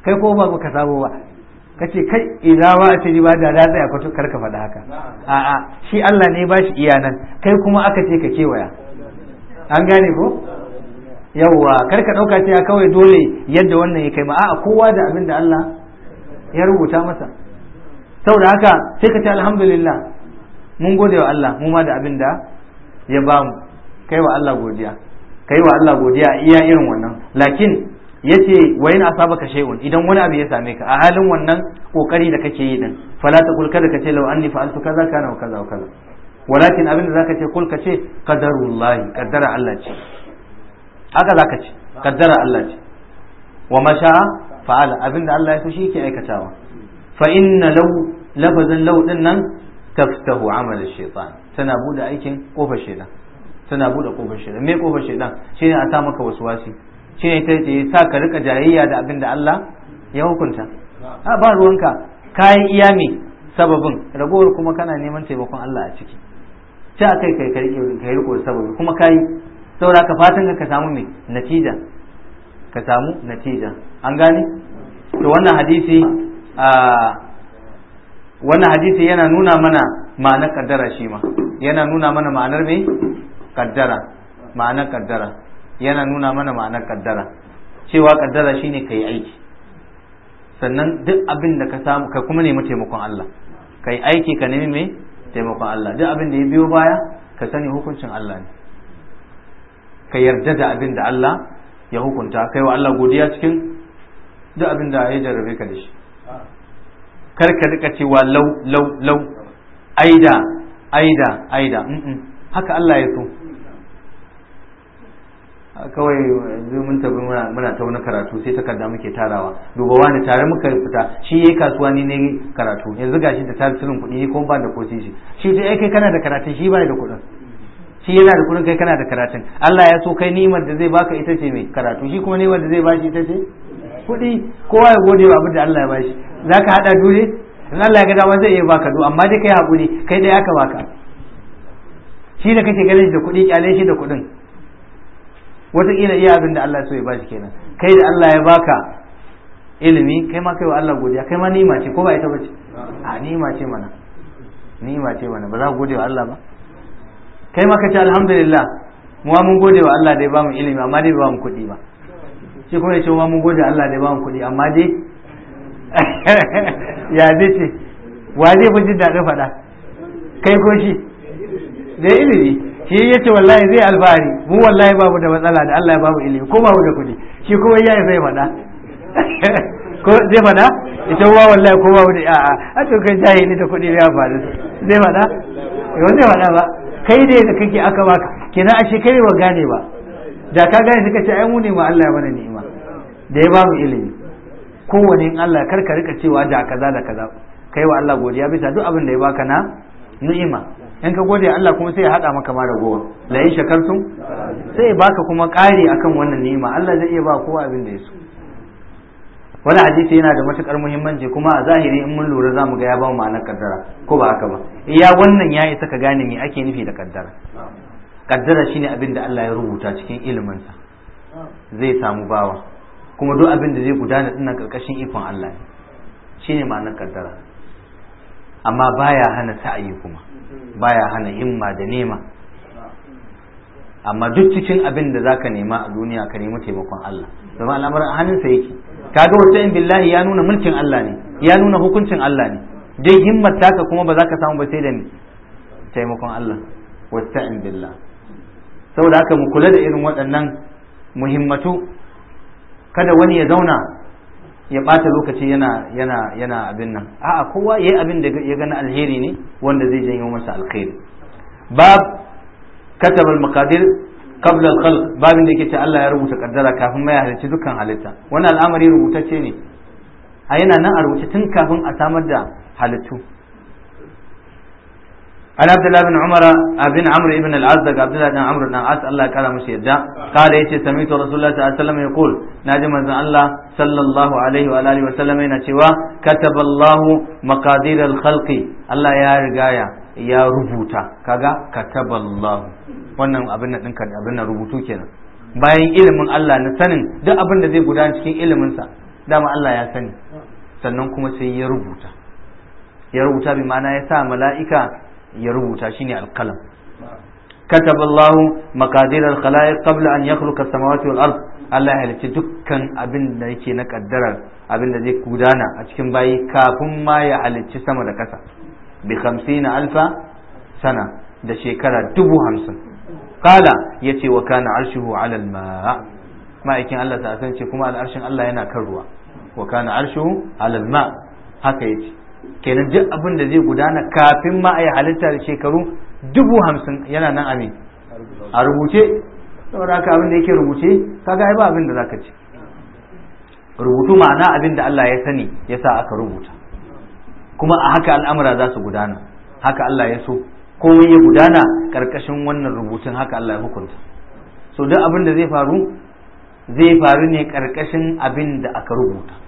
kai ko ba ka sabo ba kace kai idza wa ta ba da da tsaya kwato karka faɗa haka a'a shi Allah ne ba shi iyanan kai kuma aka ce ka kewaya an gane ko yawwa karka ɗauka ce kawai dole yadda wannan ya kai ma a'a kowa da abin da Allah ya rubuta masa saboda haka sai ka ce alhamdulillah mun gode wa Allah mu ma da abin da ya bamu kai wa Allah godiya kai wa Allah godiya iya irin wannan lakin yace wa in ka shay'un idan wani abu ya same ka a halin wannan kokari da kake yi din fala taqul kada kace law anni fa'altu kaza kana wa kaza wa kaza walakin abin da zaka ce kul kace qadarullahi qaddara Allah ce haka zaka ce qaddara Allah ce wa ma sha fa'ala abin da Allah ya so shi yake aikatawa fa inna law lafazan law din nan taftahu amal shaytan tana bude aikin kofar shaytan tana bude kofar shaytan me kofar shaytan shine a ta maka wasi. shi ne ta ce sa ka rika jayayya da abin da Allah ya hukunta a ba ruwanka kayan iya me sababin ragowar kuma kana neman taimakon Allah a ciki ta a kai kai kai riko kuma kayi saura ka fatan ka samu me natija ka samu natija an gane to wannan hadisi a wannan hadisi yana nuna mana ma'anar kaddara shi ma yana nuna mana ma'anar mai kaddara ma'anar kaddara yana nuna mana ma'anar kaddara cewa kaddara shine ka yi aiki sannan duk abin da ka samu ka kuma nemi taimakon Allah ka yi aiki ka nemi mai taimakon Allah duk abin da ya biyo baya ka sani hukuncin Allah ne ka yarda da abin da Allah ya hukunta kai wa Allah godiya cikin duk abin da ya jarrabe ka da shi kar ka rika cewa lau lau lau aida aida aida haka Allah ya so kawai yanzu mun tafi muna ta wani karatu sai takarda muke tarawa duba wani tare muka fita shi yayi kasuwa ni ne karatu yanzu gashi da tasirin kuɗi ko kuma ba da kosi shi shi sai ai kai kana da karatun shi ba da kuɗin shi yana da kuɗin kai kana da karatun Allah ya so kai nimar da zai baka ita ce mai karatu shi kuma nimar da zai bashi ita ce kuɗi kowa ya gode wa abin da Allah ya bashi zaka hada dole in Allah ya ga dama zai iya baka do amma dai kai hakuri kai ya aka baka shi da kake ganin da kuɗi kyale shi da kuɗin wataƙila iya abin da Allah so ya bashi kenan kai da Allah ya baka ilimi kai ma kai wa Allah godiya kai ma nima ce ko ba ita bace a nima ce mana nima ce mana ba za ku gode wa Allah ba kai ma ka ce alhamdulillah mu mun gode wa Allah da ya bamu ilimi amma dai ba mu kuɗi ba shi kuma ya ce mun gode Allah da ya bamu kuɗi amma dai ya dai ce wa zai fi jin daɗin faɗa kai ko shi da ilimi shi ya ce wallahi zai alfahari mu wallahi babu da matsala da Allah ya babu ilimi ko babu da kuɗi shi kuma ya zai faɗa ko zai faɗa ita uwa wallahi ko babu da a'a a to kai ni da kuɗi ya faɗa zai faɗa eh, yau zai faɗa ba kai ne da kake aka baka Kina ashe kai ba gane ba da ka gane suka ce ai mu ne ma Allah ya mana ni'ima da ya bamu ilimi kowane in Allah kar ka rika cewa da kaza da kaza kai wa Allah godiya bisa duk abin da ya baka na ni'ima in ka gode Allah kuma sai ya hada maka ma ragowa la in shakartum sai ya baka kuma kare akan wannan ni'ima Allah zai iya ba kowa abin da ya so wani hadisi yana da matukar muhimmanci kuma a zahiri in mun lura zamu ga ya ba mu ma'anar kaddara ko ba haka ba iya wannan ya isa ka gane me ake nufi da kaddara kaddara shine abin da Allah ya rubuta cikin ilimin sa zai samu bawa kuma duk abin da zai gudana dinnan karkashin ikon Allah ne shine ma'anar kaddara amma baya hana sa'ayi kuma baya hana himma da nema amma duk cikin abin da zaka nema a duniya ka nemi taimakon Allah zama al'amarin a hannunsa yake kaga wata in billahi ya nuna mulkin Allah ne ya nuna hukuncin Allah ne dai himmar taka kuma ba za ka samu ba sai da ni taimakon Allah wasta'in billah saboda haka mu kula da irin waɗannan muhimmatu kada wani ya zauna ya ɓata lokaci yana yana yana abin nan a'a kowa yayi abin da ya gana alheri ne wanda zai janyo masa alkhairi bab katab al-maqadir qabla al-khalq babin da yake ce Allah ya rubuta kaddara kafin mai ya dukkan halitta wannan al'amari rubutacce ne a yana nan a rubuce tun kafin a samar da halittu an abdullahi bin umara abin amr ibn al-az daga abdullahi bin amr dan as Allah ya kara mushi yadda kada yace sami'tu rasulullahi sallallahu alaihi wasallam yaqul naji manzon Allah sallallahu alaihi wa alihi wasallam yana cewa kataballahu maqadir al-khalqi Allah ya rigaya ya rubuta kaga kataballahu wannan abin nan ɗinka abin nan rubutu kenan bayan ilimin Allah na sanin duk abin da zai gudana cikin ilimin sa dama Allah ya sani sannan kuma sai ya rubuta ya rubuta bi ma'ana ya sa mala'ika ya rubuta shi shine alkalam كتب الله مقادير الخلائق قبل أن samawatu السماوات والأرض Allah ya halicci dukkan abin da yake na kaddarar abin da zai gudana a cikin bayi kafin ma ya halicci sama da ƙasa bi hamsina sana da shekara dubu hamsin kala ya wa kana arshihu alal ma ma'aikin Allah ta san ce kuma al'arshin Allah yana kan ruwa wa kana arshihu alal ma haka ya kenan duk abin da zai gudana kafin ma a yi halitta da shekaru dubu hamsin yana nan a me a rubuce saboda haka abin da yake rubuce ka gaya ba abin da zaka ci rubutu ma'ana abin da Allah ya sani ya sa aka rubuta kuma a haka al'amura za su gudana haka Allah ya so komai ya gudana karkashin wannan rubutun haka Allah ya hukunta so duk abin da zai faru zai faru ne karkashin abin da aka rubuta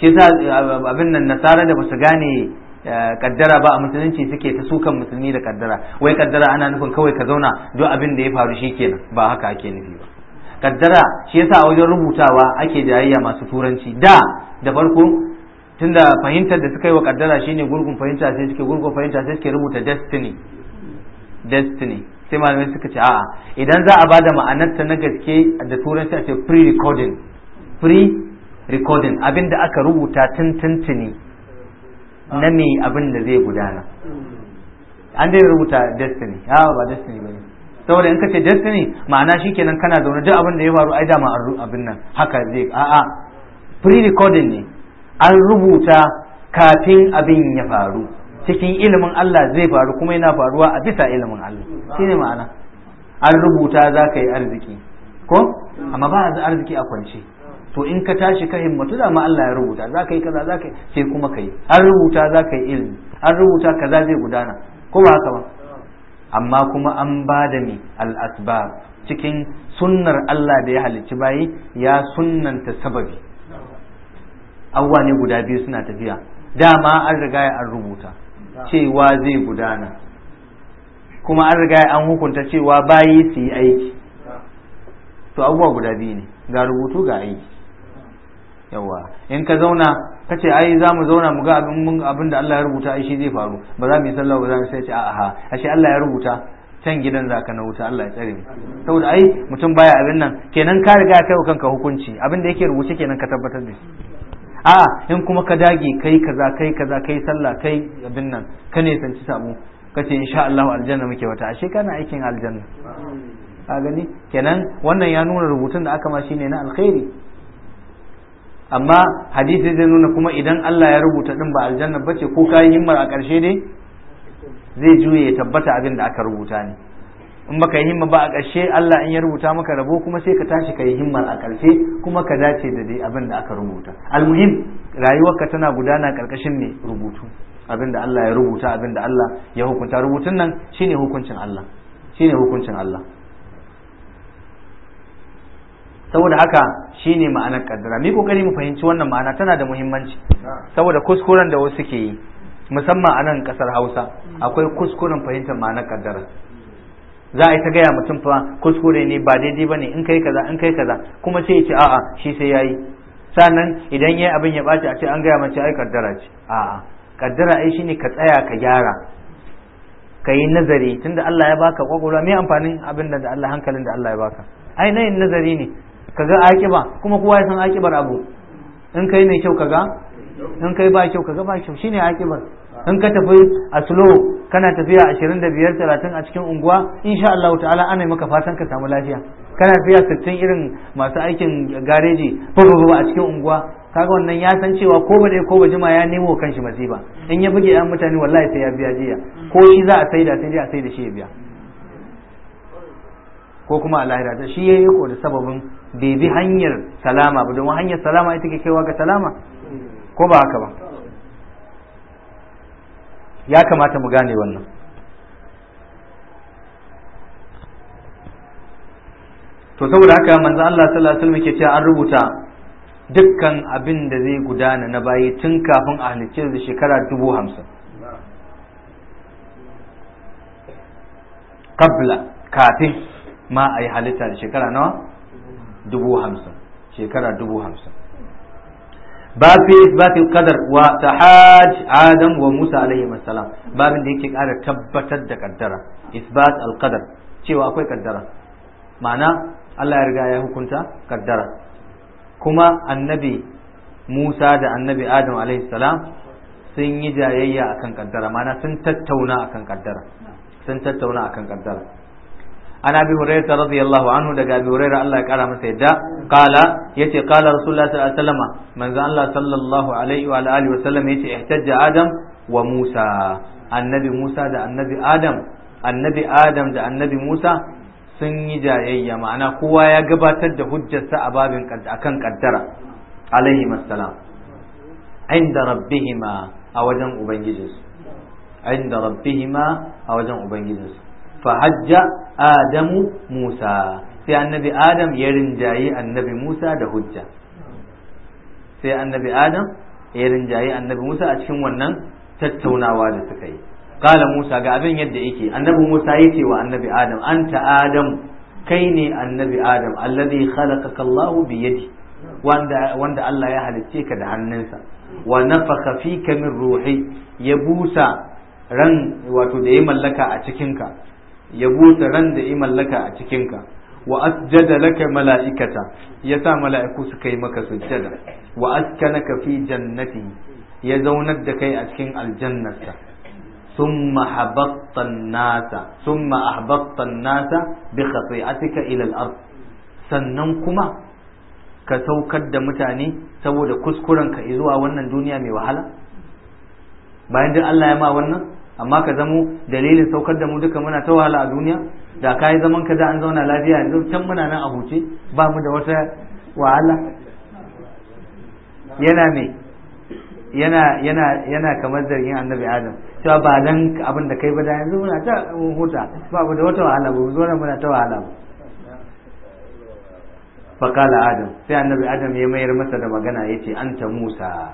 shi sa eh, abin nan nasara da basu gane eh, kaddara ba a musulunci suke ta sukan musulmi da kaddara wai kaddara ana nufin kawai ka zauna duk abin da ya faru shikenan ba haka ake nufi ba kaddara shi yasa a wajen rubutawa ake jayayya masu turanci da da farko tunda fahimtar da suka yi wa kaddara shine gurgun fahimta sai suke gurgun fahimta sai suke rubuta destiny destiny sai malamai suka ce a'a idan za a bada ma'anarta na gaske da turanci a ce pre recording pre recording abin da aka rubuta tuntuntuni na me abin da zai gudana an dai rubuta destiny ha ba destiny ba ne saboda in ka ce destiny ma'ana shikenan kana zaune duk abin da ya faru ai da ma abin nan haka zai a'a pre recording ne an rubuta kafin abin ya faru cikin ilimin Allah zai faru kuma yana faruwa a bisa ilimin Allah shine ma'ana an rubuta za ka yi arziki ko amma ba arziki a kwance to in ka tashi ka himmatu da ma Allah ya rubuta za ka yi kaza za ka yi sai kuma ka yi an rubuta za ka yi ilimi an rubuta kaza zai gudana ko ba haka ba amma kuma an ba da mi al'asbab cikin sunnar Allah da ya halicci bayi ya sunnanta sababi awwa ne guda biyu suna tafiya dama an riga an rubuta cewa zai gudana kuma an riga an hukunta cewa bayi su yi aiki to abubuwa guda biyu ne ga rubutu ga aiki yawa in ka zauna ka ce ai za mu zauna mu ga abin da Allah ya rubuta ai shi zai faru ba za mu yi sallah ba za mu sai ce a'a ashe Allah ya rubuta can gidan zaka na wuta Allah ya tsare mu saboda ai mutum baya abin nan kenan ka riga kai wa kanka hukunci abin da yake rubuce kenan ka tabbatar da shi a'a in kuma ka dage kai kaza kai kaza kai sallah kai abin nan ka ne sanci samu ka ce insha Allah aljanna muke wata ashe kana aikin aljanna a gani kenan wannan ya nuna rubutun da aka ma shine na alkhairi amma hadisi zai nuna kuma idan Allah ya rubuta din ba aljanna ce ko kayi himmar a ƙarshe dai zai juye ya tabbata abin da aka rubuta ne in baka yi himma ba a ƙarshe Allah in ya rubuta maka rabo kuma sai ka tashi ka yi himmar a ƙarshe kuma ka dace da dai abin da aka rubuta almuhim ka tana gudana ƙarƙashin mai rubutu abin da Allah ya rubuta abin da Allah ya hukunta rubutun nan shine hukuncin Allah shine hukuncin Allah saboda haka shine ma'anar kaddara mi kokari mu fahimci wannan ma'ana tana da muhimmanci saboda kuskuren da wasu ke yi musamman a nan kasar Hausa akwai kuskuren fahimtar ma'anar kaddara za a yi ta gaya mutum fa kuskure ne ba daidai bane in kai kaza in kai kaza kuma sai ya ce a'a shi sai yayi sannan idan yayi abin ya baci a ce an gaya mace ai kaddara ce a'a kaddara ai shine ka tsaya ka gyara ka yi nazari tunda Allah ya baka kwakwalwa me amfanin abin da Allah hankalin da Allah ya baka ai na nazari ne Ka ga akiba kuma kowa ya san akibar abu in kai mai kyau kaga in kai ba kyau kaga ba kyau shine akibar in ka tafi a slow kana tafiya 25 30 a cikin unguwa insha Allah ta'ala ana maka fatan ka samu lafiya kana tafiya 60 irin masu aikin gareji babu a cikin unguwa kaga wannan ya san cewa ko ba dai ko ba jima ya nemo kanshi masifa in ya buge yan mutane wallahi sai ya biya jiya ko shi za a saida sai a saida shi ya biya ko kuma a lahira shi yayi ko da sababin bai bi hanyar salama ba domin hanyar salama ita ke kaiwa ga salama ko ba haka ba ya kamata mu gane wannan to saboda haka manzo Allah sallallahu alaihi wasallam ke cewa an rubuta dukkan abin da zai gudana na bayi tun kafin a halicce da shekara dubu hamsin kabla kafin ma a yi halitta da shekara nawa dubu hamsin shekara dubu hamsin babu kadar wa tahaj adam wa musa alayhi salam babin da yake kara tabbatar da kaddara isbat al-qadar cewa akwai kaddara ma'ana Allah ya riga ya hukunta kaddara kuma annabi Musa da annabi Adam alayhi salam sun yi jayayya akan kaddara ma'ana sun tattauna akan kaddara sun tattauna akan kaddara رضي الله عنه radiyallahu ابي daga الله يقرا Allah ya kara masa yadda رسول yace صلى الله عليه وسلم من manzo الله صلى الله wa وعلى اله وسلم يتي adam wa musa annabi musa da annabi adam annabi adam da annabi musa sun yi jayayya ma'ana kowa ya gabatar da hujjarsa a babin akan kaddara alaihi masalam inda rabbihima a wajen ubangijinsu inda rabbihima a wajen ubangijinsu Fahajja adamu musa sai annabi adam ya rinjayi annabi musa da hujja sai annabi adam ya rinjayi annabi musa a cikin wannan tattaunawa da suka yi kala musa ga abin yadda yake annabi musa ya ce wa annabi adam anta adam kai ne annabi adam alladhi khalaqaka allah bi yadi wanda wanda Allah ya halicce ka da hannunsa wa nafakha fika min ruhi ya busa ran wato da ya mallaka a cikinka ya busa ran da ya mallaka a cikinka wa asjada laka mala'ikata ya sa mala'iku suka yi maka sujjada wa askanaka fi jannati ya zaunar da kai a cikin aljannarsa summa habatta nasa summa ahbatta nasa bi khati'atika ila al-ard sannan kuma ka saukar da mutane saboda kuskuren ka zuwa wannan duniya mai wahala bayan duk Allah ya ma wannan amma ka zamo dalilin saukar da mu duka muna ta wahala a duniya da kai zaman ka da an zauna lafiya yanzu can muna nan a huce ba mu da wata wahala yana me yana yana yana kamar zargin annabi adam cewa ba dan abin da kai ba da yanzu muna ta huta ba mu da wata wahala ba mu zo nan muna ta wahala ba kala adam sai annabi adam ya mayar masa da magana ya ce anta musa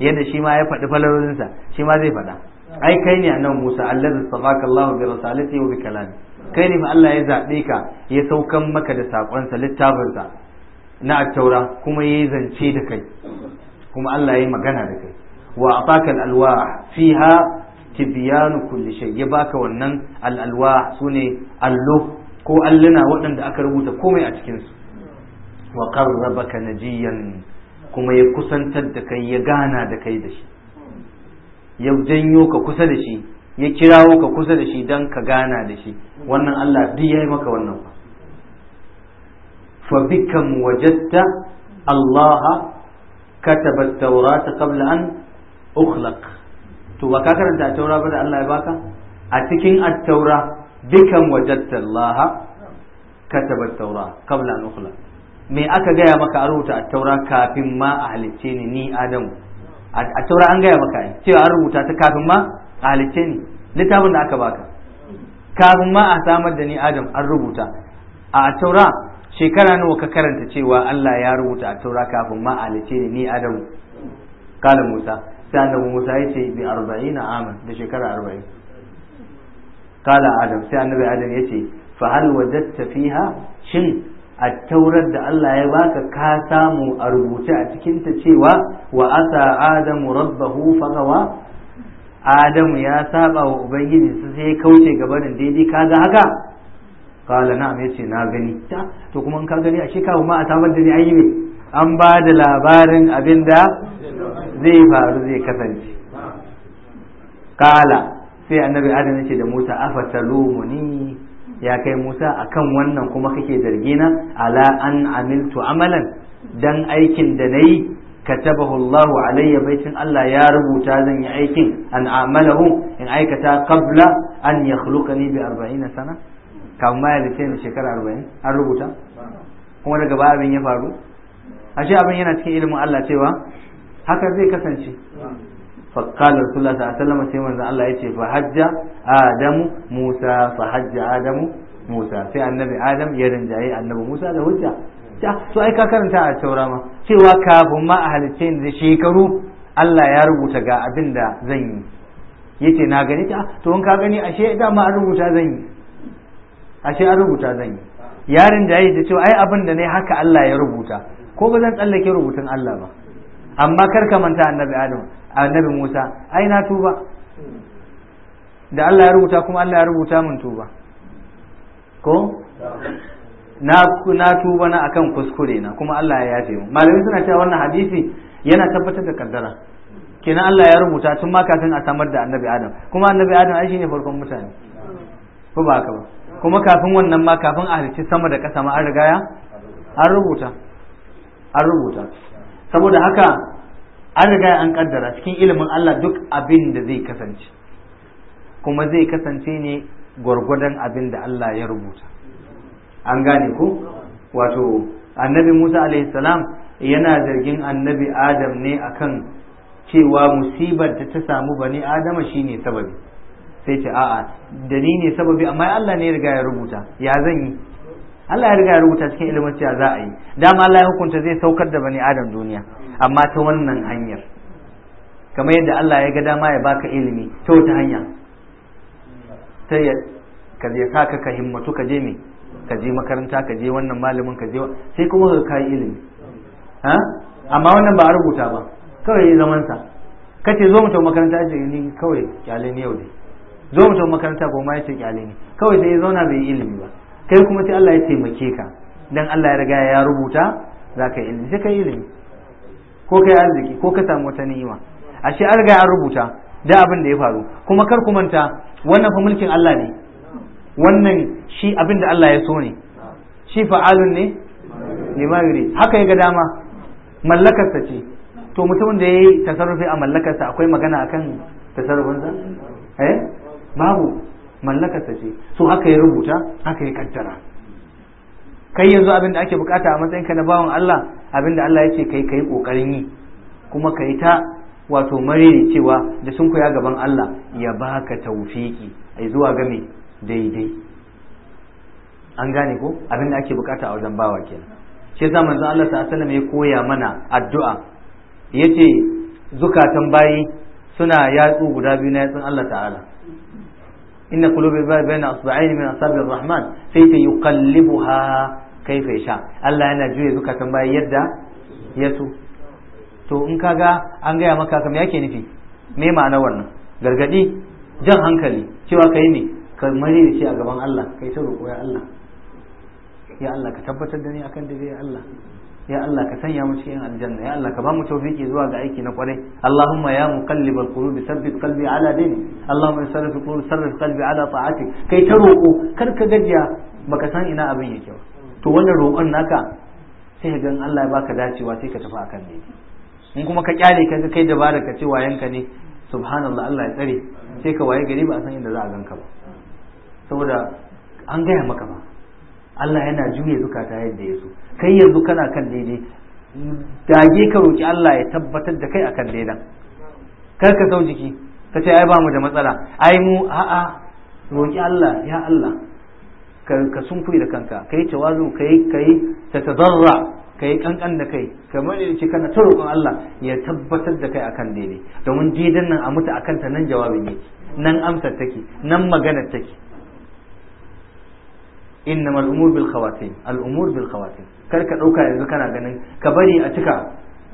yadda shi ma ya faɗi falalolinsa shi ma zai faɗa ai kai ne annabi Musa allazi sabaka Allah bi risalati wa bi kalami kai ne fa Allah ya zabe ka ya saukan maka da sa littafin sa na attaura kuma ya zance da kai kuma Allah ya magana da kai wa ataka al-alwah fiha tibyanu kulli shay ya baka wannan al-alwah sune allo ko alluna waɗanda aka rubuta komai a cikin su wa qarrabaka najiyan kuma ya kusantar da kai ya gana da kai da shi ya janyo ka kusa da shi ya kirawo ka kusa da shi don ka gana da shi wannan Allah duk ya yi maka wannan fa fa bikam wajadta Allah kataba at-taurata qabla an ukhlaq to ba ka karanta taura ba da Allah ya baka a cikin at-taura bikam wajadta Allah kataba taura qabla an ukhlaq me aka gaya maka a rubuta at-taura kafin ma a halicce ni ni Adamu a taura an gaya maka cewa an rubuta ta kafin ma a halicce littafin da aka baka kafin ma a samar da ni adam an rubuta a taura shekara nawa ka karanta cewa Allah ya rubuta a taura kafin ma a halicce ni ni adamu kala musa sai annabi musa ya ce bi arba'ina aman da shekara arba'in kala adam sai annabi adam ya ce fa hal wajadta fiha shin a taurar da Allah ya baka ka samu a rubuce a cikinta cewa wa asa adamu rabbahu fagawa adamu ya saba wa ubangiji su sai kauce gabanin daidai ka ga haka kala na ce na gani ta to kuma in ka gani a shekaru ma a samar da ni ayi ne an ba da labarin abin da zai faru zai kasance kala sai annabi adam ya ce da mota afatalumuni ya kai Musa a kan wannan kuma kake zargi na ala an amiltu amalan dan aikin da nayi katabahu Allah alayya baitin Allah ya rubuta zan yi aikin an amalahu in aikata qabla an yakhluqani bi 40 sana kan ma ya ni shekara 40 an rubuta kuma daga ba abin ya faru ashe abin yana cikin ilimin Allah cewa haka zai kasance فقال رسول الله صلى الله عليه وسلم سيما أن الله يتي فحج ادم موسى فحج ادم موسى في النبي آدم يرنجعي النبي موسى ده هجة سو اي karanta a ما cewa kafin ma a halicce da shekaru Allah ya rubuta ga abin da zan yi yace na gani ta to in ka gani ashe dama an rubuta zan yi ashe an rubuta zan yi yarin da yayi da cewa ai abin ne haka Allah ya rubuta ko ba zan tsallake rubutun Allah ba amma kar ka manta annabi adam annabi musa ai na tuba da Allah ya rubuta kuma Allah ya rubuta mun tuba ko na na tuba na akan kuskure na kuma Allah ya yafe mu Malami suna cewa wannan hadisi yana tabbatar da kaddara kenan Allah ya rubuta tun ma kafin a samar da annabi adam kuma annabi adam ai shine farkon mutane ko ba haka ba kuma kafin wannan ma kafin a halicci sama da ƙasa ma an riga ya an rubuta an rubuta saboda haka an riga an kaddara cikin ilimin Allah duk abin da zai kasance kuma zai kasance ne gwargwadon abin da Allah ya rubuta an gane ku? wato annabi Musa alaihi salam yana zargin annabi Adam ne akan cewa musibar da ta samu bani Adama shine sababi sai ce a'a da ni ne sababi amma Allah ne ya riga ya rubuta ya zan yi Allah ya riga ya rubuta cikin ilimin cewa za a yi dama Allah ya hukunta zai saukar da bani adam duniya amma ta wannan hanyar kamar yadda Allah ya ga dama ya baka ilimi ta wata hanya ta ya ka je saka ka himmatu ka je me ka je makaranta ka je wannan malamin ka je sai kuma ka kai ilimi ha amma wannan ba a rubuta ba kawai zaman sa kace zo mu tafi makaranta ce ni kawai kyale ne yau dai zo mu tafi makaranta ko ma yace kyale ne kawai sai ya zauna bai ilimi ba kai kuma sai Allah ya taimake ka dan Allah ya riga ya rubuta za ka yi ilimi sai ka ilimi ko ka yi arziki ko ka samu wata ni'ima shi an riga ya rubuta da abin da ya faru kuma kar ku manta wannan fa mulkin Allah ne wannan shi abin da Allah ya so ne shi fa'alun ne ma yuri haka ya ga dama mallakarsa ce to mutumin da ya yi tasarrufi a mallakarsa akwai magana akan tasarrufinsa eh babu mallakarsa ce so haka ya rubuta haka ya kaddara kai yanzu abin da ake bukata a matsayinka na bawan Allah abin da Allah ya ce kai kai kokarin yi kuma kai ta wato marere cewa da sun koya gaban Allah ya baka tawfiki ai zuwa ga me daidai an gane ko abin da ake bukata a wajen bawa kenan shi yasa manzon Allah sallallahu alaihi ya koya mana addu'a yace zukatan bayi suna yatsu guda biyu na yatsun Allah ta'ala inna kulobe ba bayna asba'ain min asabi rahman sai ta yuqallibuha kaifa yasha Allah yana juya zukatan bayan yadda ya so to in kaga an gaya maka kam yake nufi me ma'ana wannan gargadi jan hankali cewa kai ne ka da shi a gaban Allah kai ta roƙo ya Allah ya Allah ka tabbatar da ni akan daidai ya Allah ya Allah ka sanya mu cikin aljanna ya Allah ka ba mu tawfiki zuwa ga aiki na kwarai Allahumma ya muqallibal qulubi thabbit qalbi ala dini Allahumma sarrif qulubi sarrif qalbi ala ta'atik kai ta roko kar ka gajiya baka san ina abin yake ba to wannan roƙon naka sai ka gan Allah ya baka dacewa sai ka tafi akan ne in kuma ka kyale ka ga kai dabara ka ce wayanka ne subhanallah Allah ya tsare sai ka waye gari ba a san inda za a ka ba saboda an gaya maka ba Allah yana juye zukata yadda ya so kai yanzu kana kan daidai dage ka roki Allah ya tabbatar da kai akan daidan kar ka sau jiki ka ce ai ba mu da matsala ai mu a'a roki Allah ya Allah ka sunkuyi da kanka yi tawazu kai yi ta tazarra ka yi kankan da kai kamar da ce kana ta roƙon Allah ya tabbatar da kai akan daidai domin daidan nan a mutu akan ta nan jawabin yake nan amsar take nan maganar take innama al'umur bil khawatim al'umur bil khawatim kar ka dauka yanzu kana ganin ka bari a cika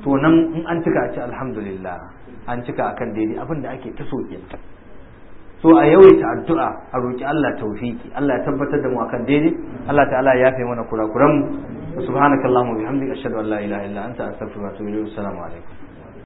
to nan in an cika a ci alhamdulillah an cika akan daidai abin da ake ta soke so a yawaita addu'a a roki Allah tawfiki Allah ya tabbatar da mu akan daidai Allah ta'ala ya fi mana kurakuran subhanakallahumma wa bihamdika ashhadu an la ilaha illa anta astaghfiruka wa atubu ilayk assalamu alaikum